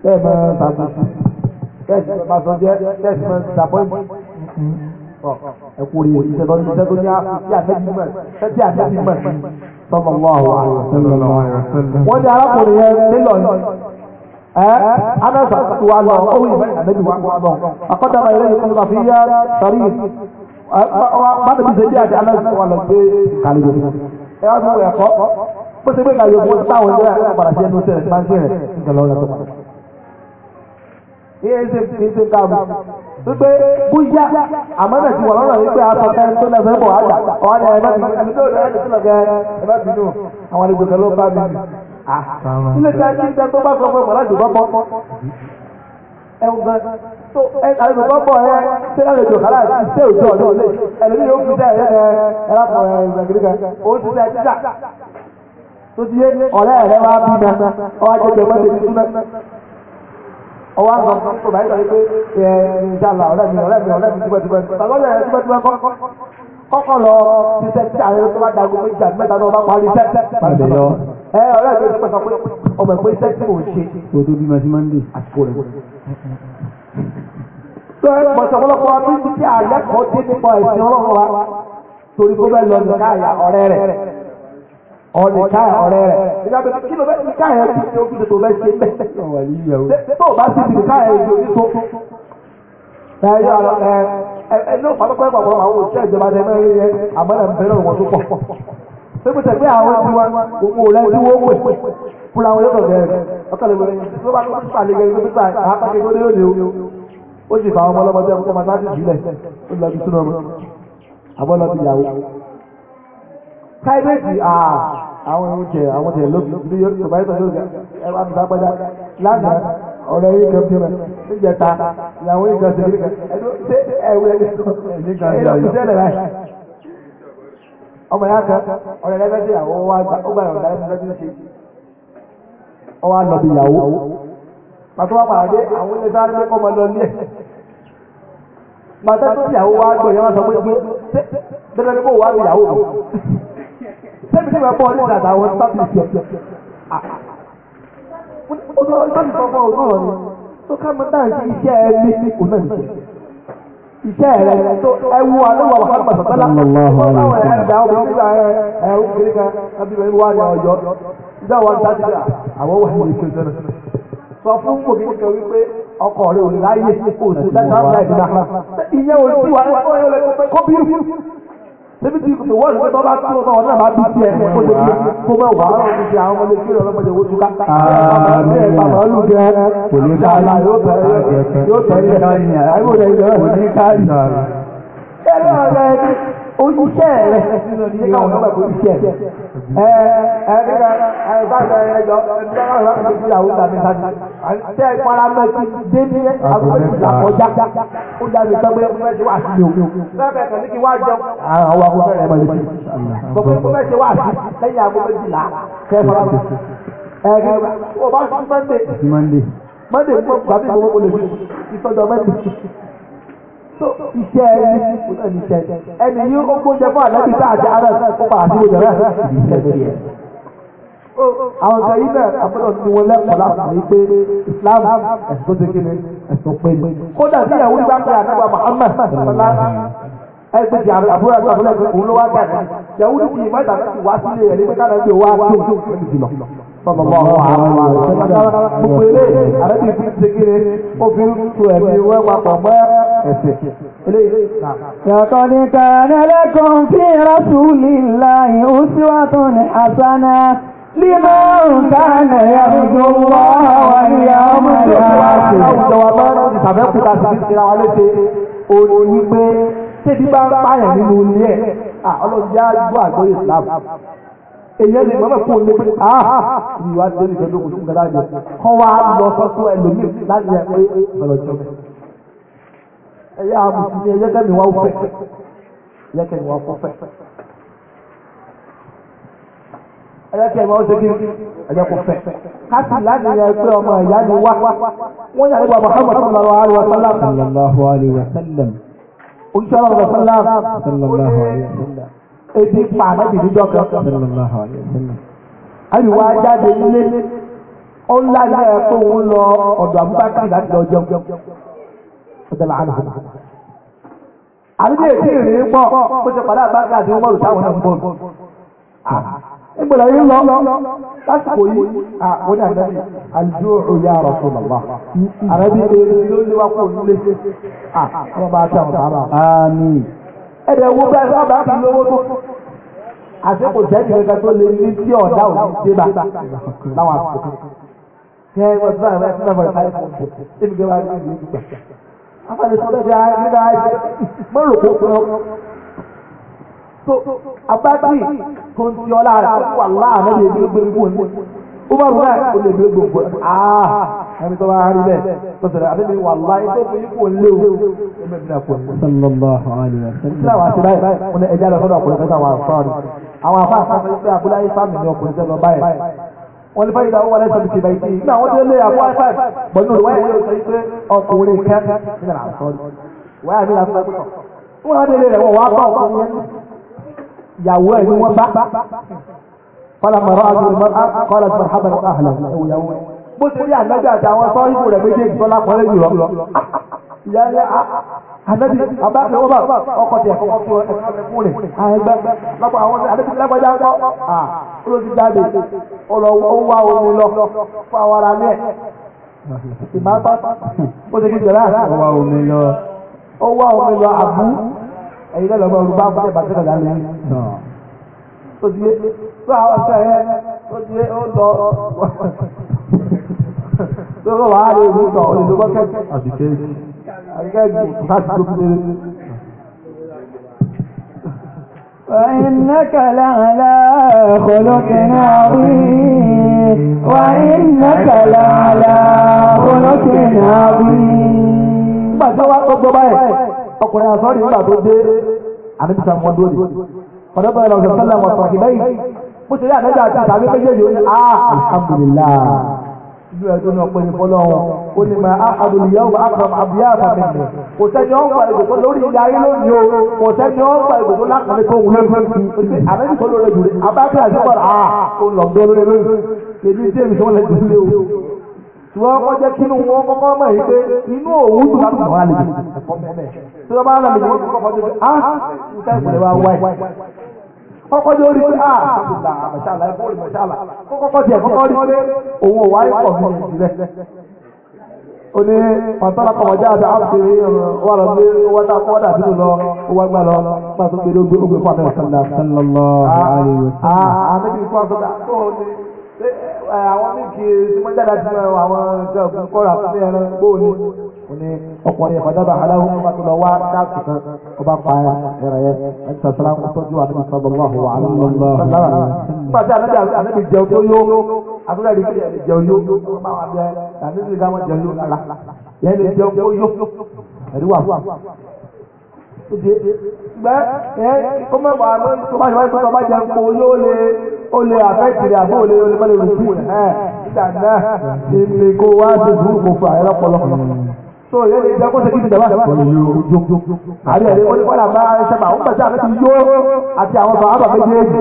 Speaker 2: bẹ́ẹ̀ máa ń tàbí bẹ́ẹ̀ sì máa sọ jẹ́ bẹ́ẹ̀ sì máa ń dàpọ̀ ẹ̀kú rẹ̀ ìṣẹ̀lọ́ ní tẹ́gbẹ́ sí àpò ìlú ẹ̀sìn rẹ̀ sọ́lọ́lọ́wọ́ wọ́n di arákùnrin yẹn nílọ yìí ẹ́ anásà ti wà lọ owó ìfẹ́ àbẹ́bí wà lọ àkọ́dà bàyẹ̀ lẹ́yìn fún ìgbàfí ṣe ká mu wípé bóyá àmọ́nà ti wà lọ́nà wípé aṣọ fẹ́ẹ́ tó lẹ́fẹ́ bọ̀ àgbà ọ̀hún ẹ̀ bá bínú ẹ̀mí tó lọ ẹ̀ tó lọ gẹ ẹ̀ bá bínú àwọn àlejò kan ló bá mi bì. ilé tí a ti ń tẹ tó bá sọ fún ìmọ̀lá ìdìbò bọ́ ẹ̀wọ̀n gan tó àlejò kan bọ̀ ẹ̀ ṣé àlejò kálá ti ṣé òjò ọ̀dọ́ ilé ẹ̀lẹ́mí yóò fi dẹ́ ẹ̀ ẹ̀ lápò ẹ̀ ìgbàgídígan ó ti dẹ́ ẹ̀ tó ti yé ọ̀rẹ́ rẹ̀ wá bí ọwọ́ àgbà tó báyìí sọ pé ẹ ìjàlá ọ̀rẹ́ mi ọ̀rẹ́ mi ọ̀rẹ́ mi tipẹ́tipẹ́ bàbá mi ọ̀rẹ́ tipẹ́tipẹ́ kọ́kọ́ kọ́kọ́ lọ títẹ́ tí àwọn ẹ̀rọ tó bá dago méjì àti mẹ́ta náà bá parí tẹ́ ẹ ọ̀rẹ́ mi ti pẹ̀sọ̀ pé ọmọ ìpín tẹ́ tí mò ń ṣe. o tó bí ma ti máa ń dè. àsìkò rẹ̀. tó ẹ nípa ẹ̀sìn ọlọ́run wa torí kó bẹ́ẹ̀ lọ ọ̀rẹ́ rẹ̀ ọ̀nìká ọ̀rẹ́ rẹ̀. ìyàbẹ̀ kí ló bẹ́ ìká ẹ̀ ti ṣe ojú tó bẹ́ ṣe bẹ́ẹ̀. tó o bá ti di ìká ẹ̀ ìjọ ní tó. ẹ yọ ọ ẹ ẹ ní ọ̀pọ̀ àtọ́kọ́ ẹ̀kọ́ àwọn òṣìṣẹ́ ìjọba ẹ̀ mẹ́rin yẹn àmọ́ ẹ̀ ń bẹ̀rẹ̀ wọn tó pọ̀. pépè tẹ̀ pé àwọn ti wá òkú rẹ̀ ti wó wẹ̀ fúnra wọn lọ́dọ̀ bẹ̀rẹ̀ ọ̀kàlẹ̀ wọn ló bá tó àwọn oúnjẹ àwọn oúnjẹ ló bí yóò tó báyìí pẹ̀lú ẹ̀rọ àti sápẹ́dá lánàá ọ̀rọ̀ yìí kan bímọ níjẹta làwọn yìí kan síbi kan ṣé ẹ̀wẹ̀ ẹ̀yìn sẹ́lẹ̀ láì. ọmọ yàtọ̀ ọ̀rọ̀ ẹ̀rẹ́fẹ́ sí àwọn ọwọ́ àgbà ó gbàdọ̀ ọ̀dà ẹ̀fẹ́ tó ṣe ọwọ́ àlọ́bí ìyàwó. pàtó wà pàdé àwọn ilé sáré kọ́ ọmọ lọ ní ẹ̀. pàtó tó ìyàwó wa gbọ̀ yẹn wá sẹ́mi sẹ́mi ọ̀pọ̀ ọdún ìdàgbà àwọn sábì jẹ. Olùwọ́n sábì fọ́fọ́ ọ̀rọ̀ ni tó ká mọ náà sí iṣẹ́ ẹni kò náà ní iṣẹ́ rẹ̀ tó ẹwu alẹ́wà wàhálà pàṣẹpẹ́lá ọ̀pọ̀ ẹ̀dá obìnrin ẹ̀ obìnrin kan ẹbí wà ní ọjọ́ ìjọ wa ń dájú à àwọn wà ní ìpè sọ́nà sọ fún obìnrin kan wípé ọkọ rẹ̀ ò láyé kò sí dájú àwọn ẹ̀dá ìyẹn ò sí wà ní ọ̀pọ̀ lẹ́kọ̀ọ́ níbi tí ìwọ ìwé tó bá tún ọmọ ọdún àbá ti tiẹ̀ kó lè fi kó mọ wà á ti àwọn ọmọdé kí lọ lọmọdé owó túká. bàbá olú jẹ kò ní ká la yóò tẹ̀lé yóò tẹ̀lé àìwò lẹ́yìn náà kò ní ká
Speaker 3: ìyá
Speaker 2: rẹ̀ òṣìṣẹ́ rẹ̀ ṣe káwọn ọmọ ẹ̀kọ́ òṣìṣẹ́ rẹ̀ ẹ ẹ nígbà ẹ báyìí ẹ yọ ẹ lọ́wọ́ láti fi àwọn ìlànà ìlànà àti ẹ ìpara náà ti dé ní àkókò ìlàkọjá ó dàbí sọgbẹ́ ọkùnrin ti wà sí o lẹ́bẹ̀ẹ́ kan ní kí wá jẹun àwọn akọ̀fẹ́ rẹ̀ máa lè fi sọgbẹ́ ọkùnrin ti wà sí lẹ́yìn àgọ́ méjìlá kẹfọ́ra ẹ kí ọba sí mọ́ndé mọ́ndé mọ́ndé gbàgbé ìfọ̀jọ́ mọ́ndé iṣẹ́ ẹni kò náà ní iṣẹ́ ẹni yìí ó kó jẹ fún àlẹ́bí tá a jẹ ara ó pa àdúgbò jẹrẹ ìṣẹ́ lórí ẹ̀. àwọn ọ̀gá yìí náà àbúrò tí wọ́n lẹ́kọ̀ọ́ láti rí pé Islam ẹ̀sùn tó kéde ẹ̀sùn pé ní. kódà sí ẹ̀wọ́n bá pẹ́ àdúgbò Muhammad sọlá ẹgbẹ́ ti àbúrò àti àbúrò ẹgbẹ́ òun ló wá gbà ní. yẹ̀wò ní kì í mẹ́ta láti wá sílé ẹ̀ nígbà náà ti wá tó tó tó Gbogbo eré àrẹ́bí fi ń segere, ó fi ń tu ẹ̀mí wẹ́wà pọ̀ mọ́ لقد
Speaker 1: كان لكم في رسول الله أسوة حسنة لمن كان يرجو الله واليوم الآخر
Speaker 2: Tébí bá ń pààyàn nínú ilé ẹ̀, ọlọ́dún yá gbọ́ àgbóyè ìsìláàmù. Èyẹ́ lè mọ́mọ́ kó lé pé, àá, ìwádìí olùgbẹ́lógún tó gbẹ́lájẹ̀, kọ́ wá lọ sọ́tún ẹlòmíì láti ẹ̀ pé ọ̀rọ̀ jọmọ́ ẹ̀yà àmùsùnmí ẹ̀yẹ́kẹ́ mi wá fẹ́ ẹ̀yẹ́kẹ́ mi wá fẹ́ ẹ̀yẹ́kẹ́ mi wá fẹ́ ẹ̀yẹ́kọ́ fẹ́ káàtì láti yẹ pé ọmọ ìyá ni wá wọ́n yà nípa Muhammad sallallahu alaihi wa sallam sallallahu alaihi wa sallam oṣù sallallahu alaihi wa sallam sallallahu alaihi wa sallam ebi pa anabi níjọ kan jáde nílé ó ń láyé ẹ̀ pé òun lọ ọ̀dọ̀ àbúbákà láti lọ ọ̀tẹ̀lá àlùfẹ́. àbídé èsì rèé pọ̀ ó ti padà bá káàdì owó mọ́rù táwọn náà ń bọ̀. ìgbàlá yìí lọ lásìkò yìí àwọn ní àgbẹ̀ àlùjọ òyà àrọ̀ fún bàbá. àrẹ́bí eré ló lé wá kó a tẹ àwọn bàbá. ẹ̀dẹ̀ wo bẹ́ẹ̀ sábà fi lówó tó àsìkò afẹ́lẹ́ sọ bẹ́ẹ̀ bí a nígbà ayé mọ́ rò kó fún ọ. so abájí tó ń ti ọlá rẹ̀ wà láàánú lè ní gbogbo ní umar náà àwọn afáàfáà fẹ́ fẹ́ abúláyé fáàmì ọkùnrin kẹta báyìí wọ́n ní fáyidà ó wà lẹ́sọ̀ ti tìbà ìtì náà wọ́n ti lé àpò i5 bọ̀dún òdò wáyé ló sọ pé ọkùnrin kẹ́ nígbà náà sọ ni wáyà mi làásù pẹ́pẹ́ wọ́n á délé rẹ̀ wọ́n wá bá ọkùnrin yẹn ìyàwó ẹ̀ ni wọ́n bá fọlá mọ̀rọ̀ àgbẹ̀rẹ̀ kọ́lá ti mọ̀rọ̀ hábàrẹ̀ káàlà ìyàwó bó ti rí àgbájá àtàwọn sọ ìyá yẹ anabi baba ni wọn bá ọkọ tẹ ẹkọ fún ọ ẹkọ fún fún rẹ àyẹgbẹ lọpọ àwọn anabi lágbàdá ńkọ à olóòtú jáde ọlọ wá omi lọ fún àwọn ará rẹ ìmáàpá ó ti fi jẹrẹ àrà ọwá omi lọ ọwá omi lọ àbú ẹyin lọlọmọ olùbá fún ẹ bàtẹ kàdá lẹ́yìn tó di yé tó àwọn ọsẹ yẹ tó di yé ó lọ tó lọ wàá lè rí sọ olùdókòkè. وإنك
Speaker 1: لعلى خلق عظيم وإنك لعلى خلق عظيم
Speaker 2: gbàgbọ́ wa gbogbo báyìí ọkùnrin àsọ́rí nígbà tó dé àdébísà wọn dóde ọ̀dọ́ báyìí lọ́sọ̀ọ́sọ́lá wọn sọ̀rọ̀ kìlẹ́yìn bó ṣe rí àdébísà àti ìtàgé méjèèjì ó ní àà ah, alhamdulillah ìlú ẹ̀dùn náà pẹ̀lú fọlọ́wọ́n ó ní ma àdùn ìyàwó akọ̀rọ̀ àbíyá àbàtẹ̀lẹ̀ kò sẹ́ni ó ń pa ìgbòkó lórí ilé ayé lónìí o kò sẹ́ni ó ń pa ìgbòkó lákàlẹ̀ tó wù lórí ti àbẹ́ni tó lórí ẹ̀dùn abákẹ́ àdúgbòrò à ó lọ gbọ́ lórí lórí èmi tí èmi tó wọ́n lè dùn lé o. ṣùgbọ́n wọ́n jẹ́ kí inú wọn kọ́kọ́ mọ̀ yìí pé inú òun dùn láti wà lè kọ́kọ́ ní orí pé ah mọ̀ṣálà ẹ̀kọ́ orí mọ̀ṣálà kọ́kọ́ tiẹ̀ kọ́kọ́ rí pé òun ò wáyé pọ̀ mí ìjìnlẹ̀. ó ní pàtàkì kọ̀mọ̀já àti àbùsí wà lọ sí wọ́dà kọ́dà sínú lọ wọ́n gbà lọ pàtó pé ó gbé ó gbé fún àtẹ̀wọ̀sán ah, ah, ah, eh, àwọn mí kì í mọ́jáde àti àwọn nǹkan ọ̀gbìn kọ́ra fún ẹran gbóòní ní ọkùnrin ìfọ̀dábà aláwọ̀ ọba tó lọ wá dáàbò kan ọba pa ẹ̀rẹ̀ yẹn ẹ̀sẹ̀ sọ́lá ń tọ́jú àdúgbò sọ́dọ̀ lọ́hùn wà lọ́wọ́. nígbà tí àlejò àlejò jẹun tó yó àbúrò àlejò jẹun yó bá wà bẹ́ẹ̀ àlejò ìgbà wọn jẹun yó ara yẹn lè jẹun tó yó ẹ̀rí wà fún gbẹ ẹ kọmọ wà lọ tó bá yọ ẹsọ tó bá jẹun kó yóò lè ó lè àfẹ́tìrì àbó lè ó lè mọ́lẹ̀ ẹ̀ nígbà náà kó wá sí burúkú fún àyẹ̀lọ́pọ̀lọpọ̀
Speaker 4: so yẹn lè jẹ́ kó ṣe kí ti dàbà
Speaker 2: àrí ẹ̀rí ó ní kọ́lá bá ṣẹ́bà ó pẹ̀sẹ̀ àti yó àti àwọn bàbá bàbá méjèèjì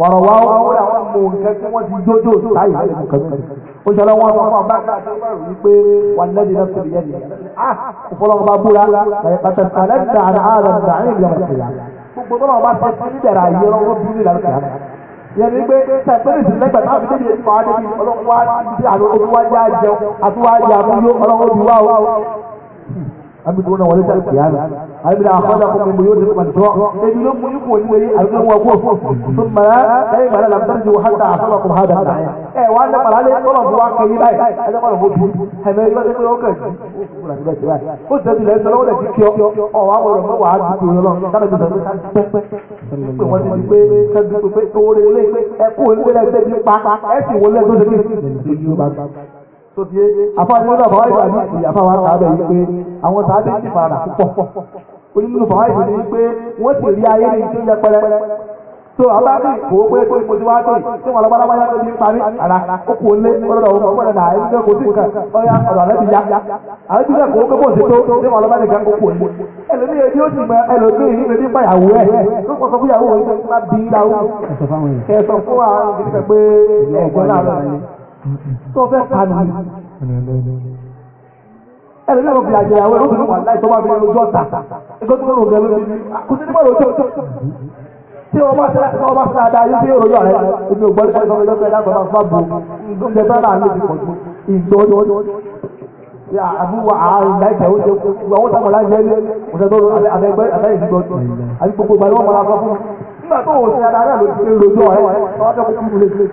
Speaker 4: wọ̀rọ̀ wá ó wọ́n àwọn
Speaker 2: ọmọ nǹkan tí wọ́n ti jójó táyì láti mú kankan ó ṣe lọ́wọ́ ọmọ ọmọ bá ṣe wípé wà lẹ́dí náà tóbi yẹn ìfọlọ́wọ́ bá búra pàtàkì àlẹ́ yẹni pé tẹ̀sílẹ̀sì lẹ́gbẹ̀ẹ́ náà fi débi ìfọ̀ adébí ọlọ́wọ́ wá sí àlọ́ olúwájá jẹun àti wájá àbúyó ọlọ́wọ́ bí wá o amidona wale ta kiyama amida akhada kum min buyutikum adra ebi lo mu yuko ni wele alga wa ko thumma ay bala lam tarju hatta asabakum hada hada eh wa na bala le ko lo wa ke ni bai ada ko ho bu he me ba ko o ka ko la ti bai ko ta bi le so lo le ti kyo o wa wo mo wa ti ko lo ta le bi so ta pe pe wa ti pe ka du pe o le le e ko le le bi pa e ti wo le do de ki àfáàní bàbá ìgbà ní ìyá fáwọn àkàbẹ̀ yìí pé àwọn tàbí ti fara púpọ̀ onínú bàbá ìgbà ní pé wọ́n sì rí ayé ní ìdí yẹpẹrẹ so abáàbí kò ó pé pé mo ti wá pé tí wọn lọ́wọ́ lọ́wọ́ yàtọ̀ ní parí àrà ó kò lé ọlọ́dọ̀ ọmọ ọmọ náà ẹni tó kò sí nǹkan ọyà ọ̀rọ̀ rẹ ti ya àwọn tí wọn kò ó pé kò sí tó tí wọn lọ́wọ́ nìkan kò kò lé ẹlòmíì èyí ó sì mọ ẹlòmíì yìí lè ní báyàwó ẹ tó kọ sọ fún yàwó ẹ tó bá bí láwó kẹsàn fún wa kẹsàn pé ẹgbẹ́ náà tó fẹ́ pàdé ẹ̀rọ náà fi àjẹ àwọn ẹ̀rọ tó wà láì tó wà ní ojú ọ̀tà ẹgbẹ́ tó lòun gẹ̀rẹ́ kò sí ní bọ́ọ̀lù ojú ọ̀tà tí wọ́n bá sẹ́lá tí wọ́n bá sẹ́lá dáa yóò fi èrò yọ̀ rẹ̀ omi ògbọ́n tó lọ́wọ́ lọ́wọ́ ẹ̀dá bàbá fà bò ńgbẹ́ bá rà ní ìgbọ́ àbúwà àìgbà ìjà ó jẹ àwọn táwọn láyé ẹni òṣèlú tó lọ abẹ́gbẹ́ abẹ́yẹ gbígbọ́ àti gbogbo ìgbà ni wọ́n mọ̀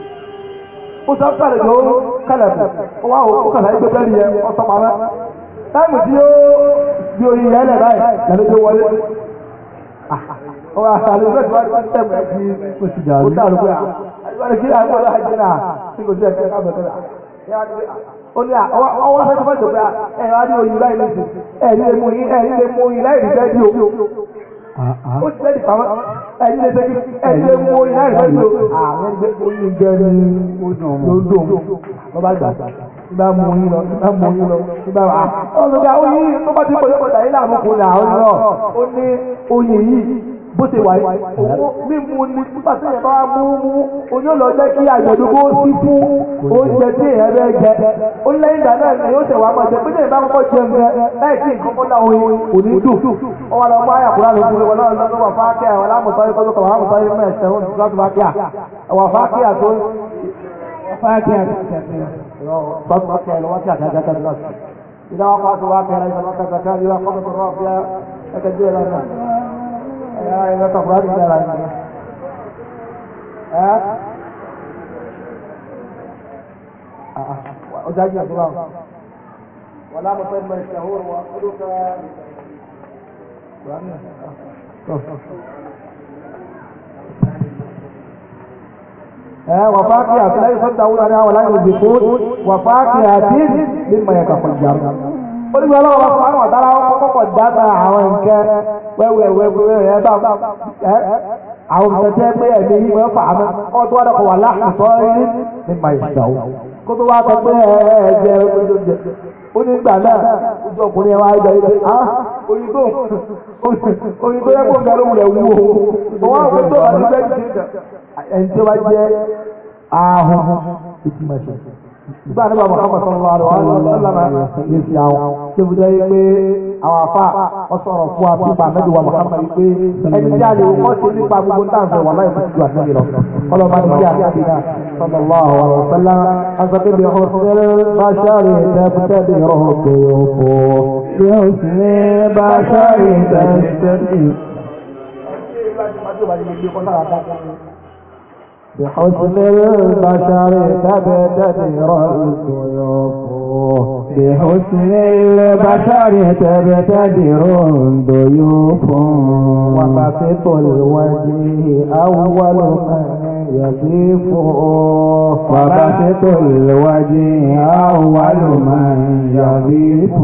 Speaker 2: ó sọ sáré ló kẹlẹ̀bù ó wá ó kàlà ẹgbẹ́ bẹ́ẹ̀rì yẹn ọ̀sán pamẹ́ táìmù tí ó di oyin yẹn lẹ̀ báyìí lẹ́nu tó wọlé ọ̀rọ̀ àṣàlẹ̀ ìgbẹ́ tí wọ́n ti tẹ̀mù ẹ̀ ti kò sì jà ó dàrú pé àwọn kí àwọn ọ̀rọ̀ àjẹ́ náà tí kò sí ẹ̀kẹ́ kábẹ̀tẹ̀ rà ó ní ọwọ́ afẹ́fẹ́ tó pé ẹ̀rọ adé oyin láì lè Ah, ah. ó ti lẹ́yìn pamọ́ ẹ̀yin lè ṣe ẹ̀yin lè mú oyin láì lọ́dún àwọn ẹgbẹ́ oyin jẹ ní lódùn bàbá gbà bá mú oyin lọ bá mú oyin lọ bá wà. ọ̀nà oyin tó bá ti pọ̀ yọ̀pọ̀ tàyí làwọn kò là ó lọ ó ní oyin yìí bó ṣe wà mímu ni nígbà tí èèyàn bá mú mú oyún lọ jẹ́ kí àjọ̀dún kó sí fún oúnjẹ tí èèyàn bẹ́ jẹ ó lẹ́yìn ìgbà náà ni yóò tẹ̀wá máa jẹ pé lẹ́yìn bá kọ́kọ́ jẹun rẹ láì sí nǹkan kó náà kò ní dùn ó wà lọ mú àyàkúrá ló fún wọn náà lọ́wọ́ fáákẹ́ àwọn alámùtọ́rí kọ́ lókọ̀ alámùtọ́rí mẹ́sẹ̀ ó ti gbàtúmọ̀ kíá àwọn fáákẹ́ àtó fáákẹ́ àtó gbàtúmọ̀ kíá lọ́wọ́ sí àdájáká lọ́sì ìdáwọ́ pàṣẹ wákẹ́ rẹ̀ ìdáwọ́ pàṣẹ Ya, tọ̀pọ̀ láti dára ní ẹ̀ ọjà jù àdúrà
Speaker 3: wọ́n láàmú fẹ́ mọ ìṣàhóòrò wọn ó ló fẹ́
Speaker 2: وفاكهة لا يصدقون عنها ولا ينزقون وفاكهة مما يتخيرون onígbà ọlọ́wọ́ fún àwọn ọ̀tá aláwọ̀ kọ́kọ́ dábàá àwọn nǹkan wẹ́wẹ́wẹ́ rẹ̀ bá àwọn nǹkan tẹ́ pé ẹ̀mí yìí wọ́n fà á mọ́ kọ́ tó wá dọ̀kọ̀ wà láàkùtọ́ rí ní màá ìṣàwó kó tó wá sọ pé ẹ̀ẹ́dẹ̀ ojoojẹ onígbà náà ojú ọkùnrin ẹwà ẹjọ ilẹ̀ á oyinbo oyinbo yẹ kó nǹkan ló wulẹ̀ wú o wọ́n àwọn tó wà nígbà
Speaker 3: yìí ẹni tó bá jẹ́
Speaker 2: ahọ́n ìtumọ̀ ṣe ìgbà nígbà Muhammad sallallahu alaihi wa sallam ní sí àwọn tí mo jẹ́ pé àwọn afá ọ̀sọ̀rọ̀ fún wa pípa mẹ́jọ wa Muhammad pé ẹni tí a lè wọ́n ti nípa gbogbo táàbù wà láì fún ìjọ àti ìlọ ọlọ́ba ní àti ìlà sallallahu alaihi wa sallam asọ́kẹ́ bí ọkọ̀ bá ṣáàrì ìtẹ́kùtẹ́ ọ̀rọ̀
Speaker 1: òkè òkò bí sì ní bá ṣáàrì ìtẹ́kùtẹ́ بحسن البشر تبتدر الضيوف بحسن البشر تبتدر الضيوف وبسط الوجه أول من يضيف وبسط الوجه أول من يضيف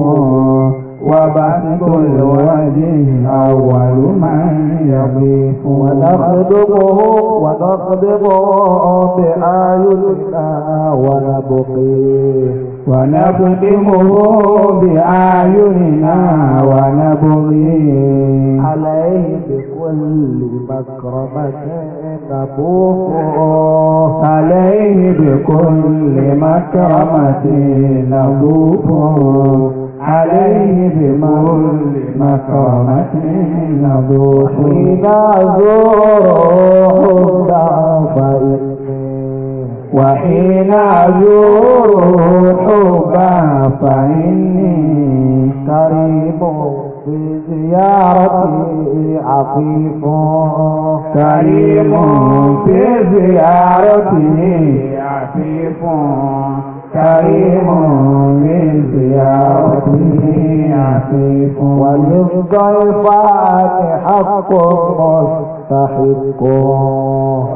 Speaker 1: وبعث الوجه أول من يضيف ونخدقه ونخدقه بأعيننا ونبقيه ونخدمه بأعيننا ونبغيه عليه
Speaker 3: بكل مكرمة نبوه
Speaker 1: عليه بكل مكرمة نبوه عليه بمول مكرمة نذوح نذوح ضعفي وحين أزور حبا فإني قريب في زيارتي عفيف كريم في زيارتي عفيف كريم من بزيارته عفيف وللضيفات حق مستحق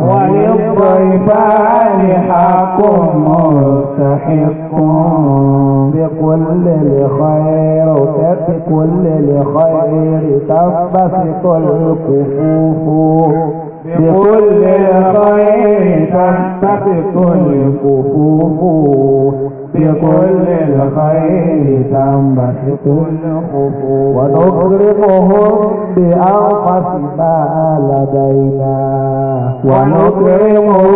Speaker 1: وللضيفان حق مستحق بكل
Speaker 3: الخير بكل الخير تبسط الكفوف بكل
Speaker 1: الخير تنبسط الكفوف بكل الخير تنبسط الخفوف ونكرمهم بأوقف ما لدينا ونكرمه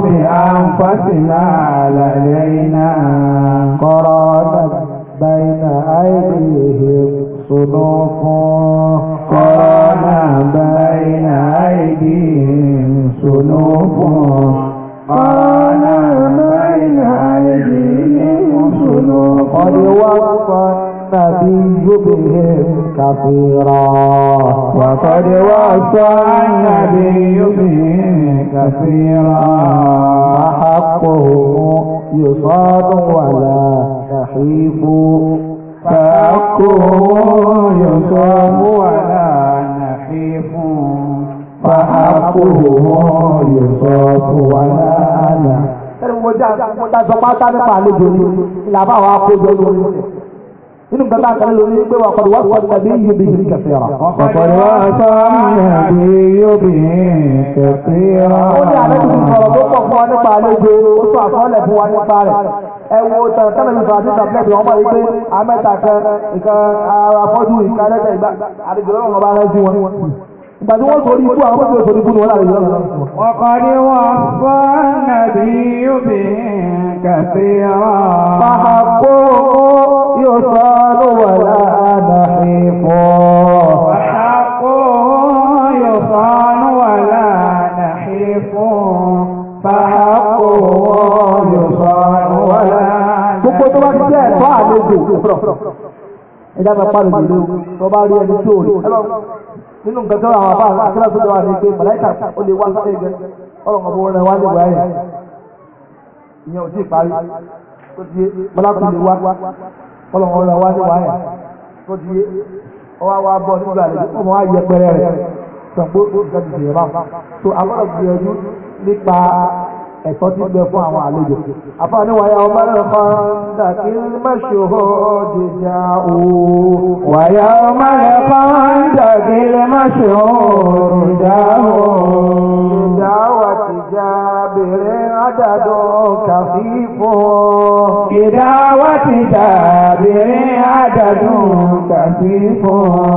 Speaker 1: بأنقص ما لدينا قرابة بين أيديهم صدفا قال بين أيديهم صدفا قال
Speaker 3: بين أيديهم صدفا قد وصى النبي بهم
Speaker 1: كثيرا وقد وصى النبي بهم كثيرا وحقه يصاب ولا يحيف فأكوه يصاب ولا نحيف
Speaker 2: فأكوه
Speaker 1: يصاب ولا
Speaker 2: نحيف Mọ̀já sọpátá nípa àlejò ní ìlàbá àwọn akójọ lórí rẹ̀. Inú gbẹ̀mọ́ àkàrẹ́ lórí pé wà kọ̀dọ̀ wọ́n sọ́dọ̀ bí yóò bí yìí kẹfẹ́ra. Ọ̀kọ̀dọ̀ wọ́n
Speaker 1: sọ́dọ̀ bí yóò bí yìí kẹfẹ́ra. Ó ní àlejò sọ̀rọ̀ tó pọ̀ fún ọ nípa
Speaker 2: àlejò, ó sọ àkọọ́lẹ̀ fún wa nípa rẹ̀ ẹwọ tàn tẹ́lẹ̀ mi fà títà pẹ́ẹ́bì ọmọ yìí pé amẹ́ta kan nǹkan afọ́jú nǹkan lẹ́tẹ̀ ìgbà àdìgbò lọ́wọ́ ọba rẹ̀ sí wọn. ìgbà tí wọ́n sọ orí ikú àwọn mọ́tò sọ ikú ni wọ́n láre lọ́wọ́. ọkọ ni wọn fọ́
Speaker 1: nàbí òbí kàfé rán. pàápàá kó yóò sọ lówó lánàá ìfọ́.
Speaker 2: gbogbo tó bá ti jẹ́ ẹ̀kọ́ àlejò ẹ̀dá máa pàdé nínú tó bá rí ẹni tí ò rí nínú nǹkan tó àwọn àbá àkílà tó wà ní pé màláìkà ó lè wá sáré gẹ ọlọ́run ọ̀bọ̀ rẹ̀ wá níwáyé ìyẹn ò tí ì parí tó ti yé màláìkà lè wá ọlọ́run ọ̀rẹ́ wá níwáyé tó ti yé ọwọ́ wa bọ̀ nígbà rẹ̀ ọmọ wa yẹ pẹrẹ rẹ̀ sọ̀gbó ìjọba ìjọba tó àbọ̀rọ̀ gbìyànjú nípa ẹ̀tọ́ ti gbẹ fún àwọn àlejò. Àfáàní wàyà ọmọ náà kan dàkí mẹ́ṣòro jíjà ooo. Wàyà ọmọ náà kan dàkí mẹ́ṣòro
Speaker 1: ooo. Jíjà wà ti já
Speaker 2: bèrè àdàdọ̀ kàfí fún ọ.
Speaker 1: Jíjà wà ti já bèrè àdàdọ̀ kàfí fún ọ.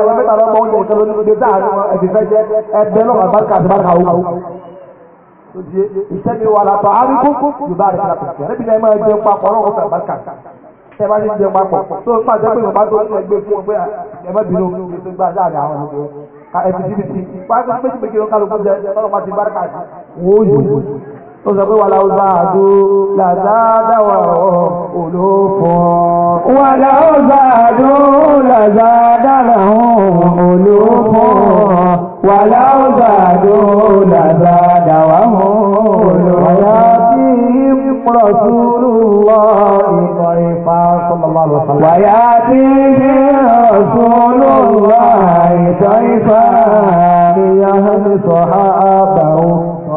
Speaker 1: àwọn mẹ́ta lọ́pọ̀ oúnjẹ
Speaker 2: ìkan lónìí gbé sáàárín wọn ẹ̀sìn fẹ́ jẹ́ ẹgbẹ́ lọ́wọ́ àbáríkà àti báríkà owó. iṣẹ́ mi wà látọ̀ àríkú yorùbá rẹ̀ kílápẹ̀ ẹ̀rẹ́bí náà máa jẹun papọ̀ ọlọ́wọ́ fẹ́ àbáríkà tẹ́ bá ti jẹun papọ̀ tó ń pàṣẹ pé yorùbá tó ń gbé fún ọgbẹ́ ẹ̀mẹ́bìnrin òun ló gbé sáàárín àwọn ọmọ ẹ̀sìn jìbìtì pàṣẹ pé ó sọ pé wàlá ọba àdó làdádáwà olóòfò. wàlá
Speaker 1: ọba àdó làdádáwà olóòfò. wàlá ọba àdó làdádáwà olóòfò. رسول الله ضيفا صلى الله عليه وسلم ويأتيه رسول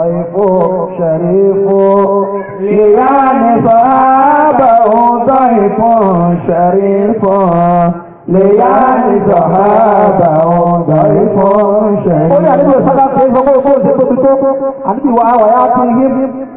Speaker 1: ضيف شريف ليان صحابه ضيف شريف ليان صحابه ضيف شريف قل يا نبي صلى
Speaker 2: الله عليه وسلم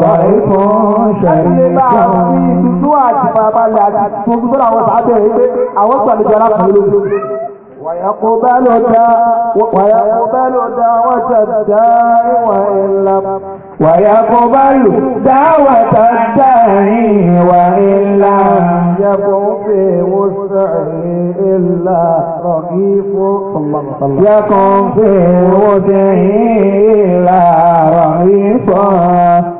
Speaker 2: ضعيف شريك ويقبل
Speaker 1: دعوة الداعي وإن لم ويقبل دعوة الداعي وإلا يكن في وسعه إلا رغيف يكن في وسعه إلا رغيفا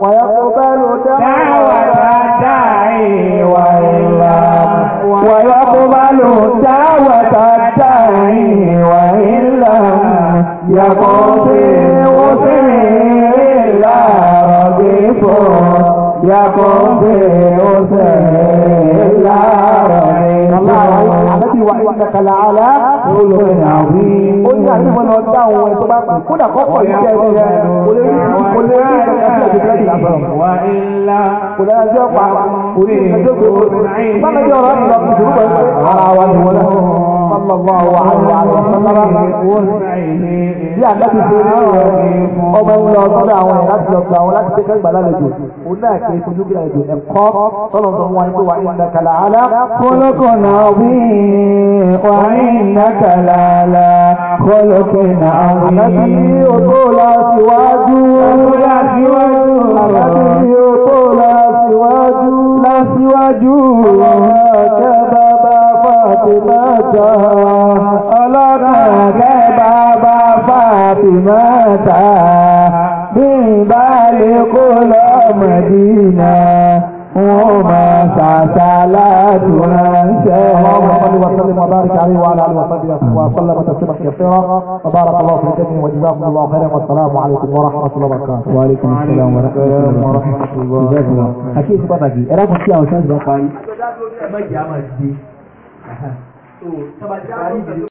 Speaker 1: ويقبل دعوة الداعي وإلا ويقبل دعوة الداعي وإلا يقول في غفر إلا رقيب يقول في غفر إلا رقيب ànábì wa ìtàkàlà àlá olùrìn àwìn. ó ní àbí wọn lọ dá àwọn ẹ̀tọ́ bá pè kódà kọ́kọ́ yìí jẹ́ ẹ̀rọ rẹ̀ kò lè rí kò lè
Speaker 2: wa ni bí àdáfi ṣe rí ọmọ ń lọ sọ́dọ̀ àwọn ẹ̀ láti lọ gba àwọn láti tẹ́kẹ́ gbà lálejò òun náà kì í fojú bí àlejò ẹ̀kọ́ tọ́lọ̀ tó ń wá nípa wà ìnà kàlà àlá. kọlọ́kọ̀ náà wí
Speaker 1: wà ìnà kàlà àlá kọlọ́kọ̀ náà wí. àbájú ní oṣù la síwájú. oṣù la síwájú. àbájú ní oṣù la síwájú. la síwájú. ọ̀rọ̀ kẹta. Fátímátà ọlọ́nà kẹ́ bàbá Fátímátà bí bá lè kó lọ Mẹ̀dínà wọ́n máa
Speaker 2: sàtà láti ránṣẹ́. Ọlọ́run ọ̀pọ̀lọpọ̀ wa sọ́lé wa bára kàrí wa aláàlú wa sọ́lé wa sọ́lé wa tẹ̀síwá kẹfẹ́ra wa bára kàlọ́ fún ìjẹ́ni wa jìbá fún ọlọ́run pàtàkì, ẹ̀rọ kò sí àwọn sẹ́ńsì lọ́pàá yìí. तो, तो समझदारी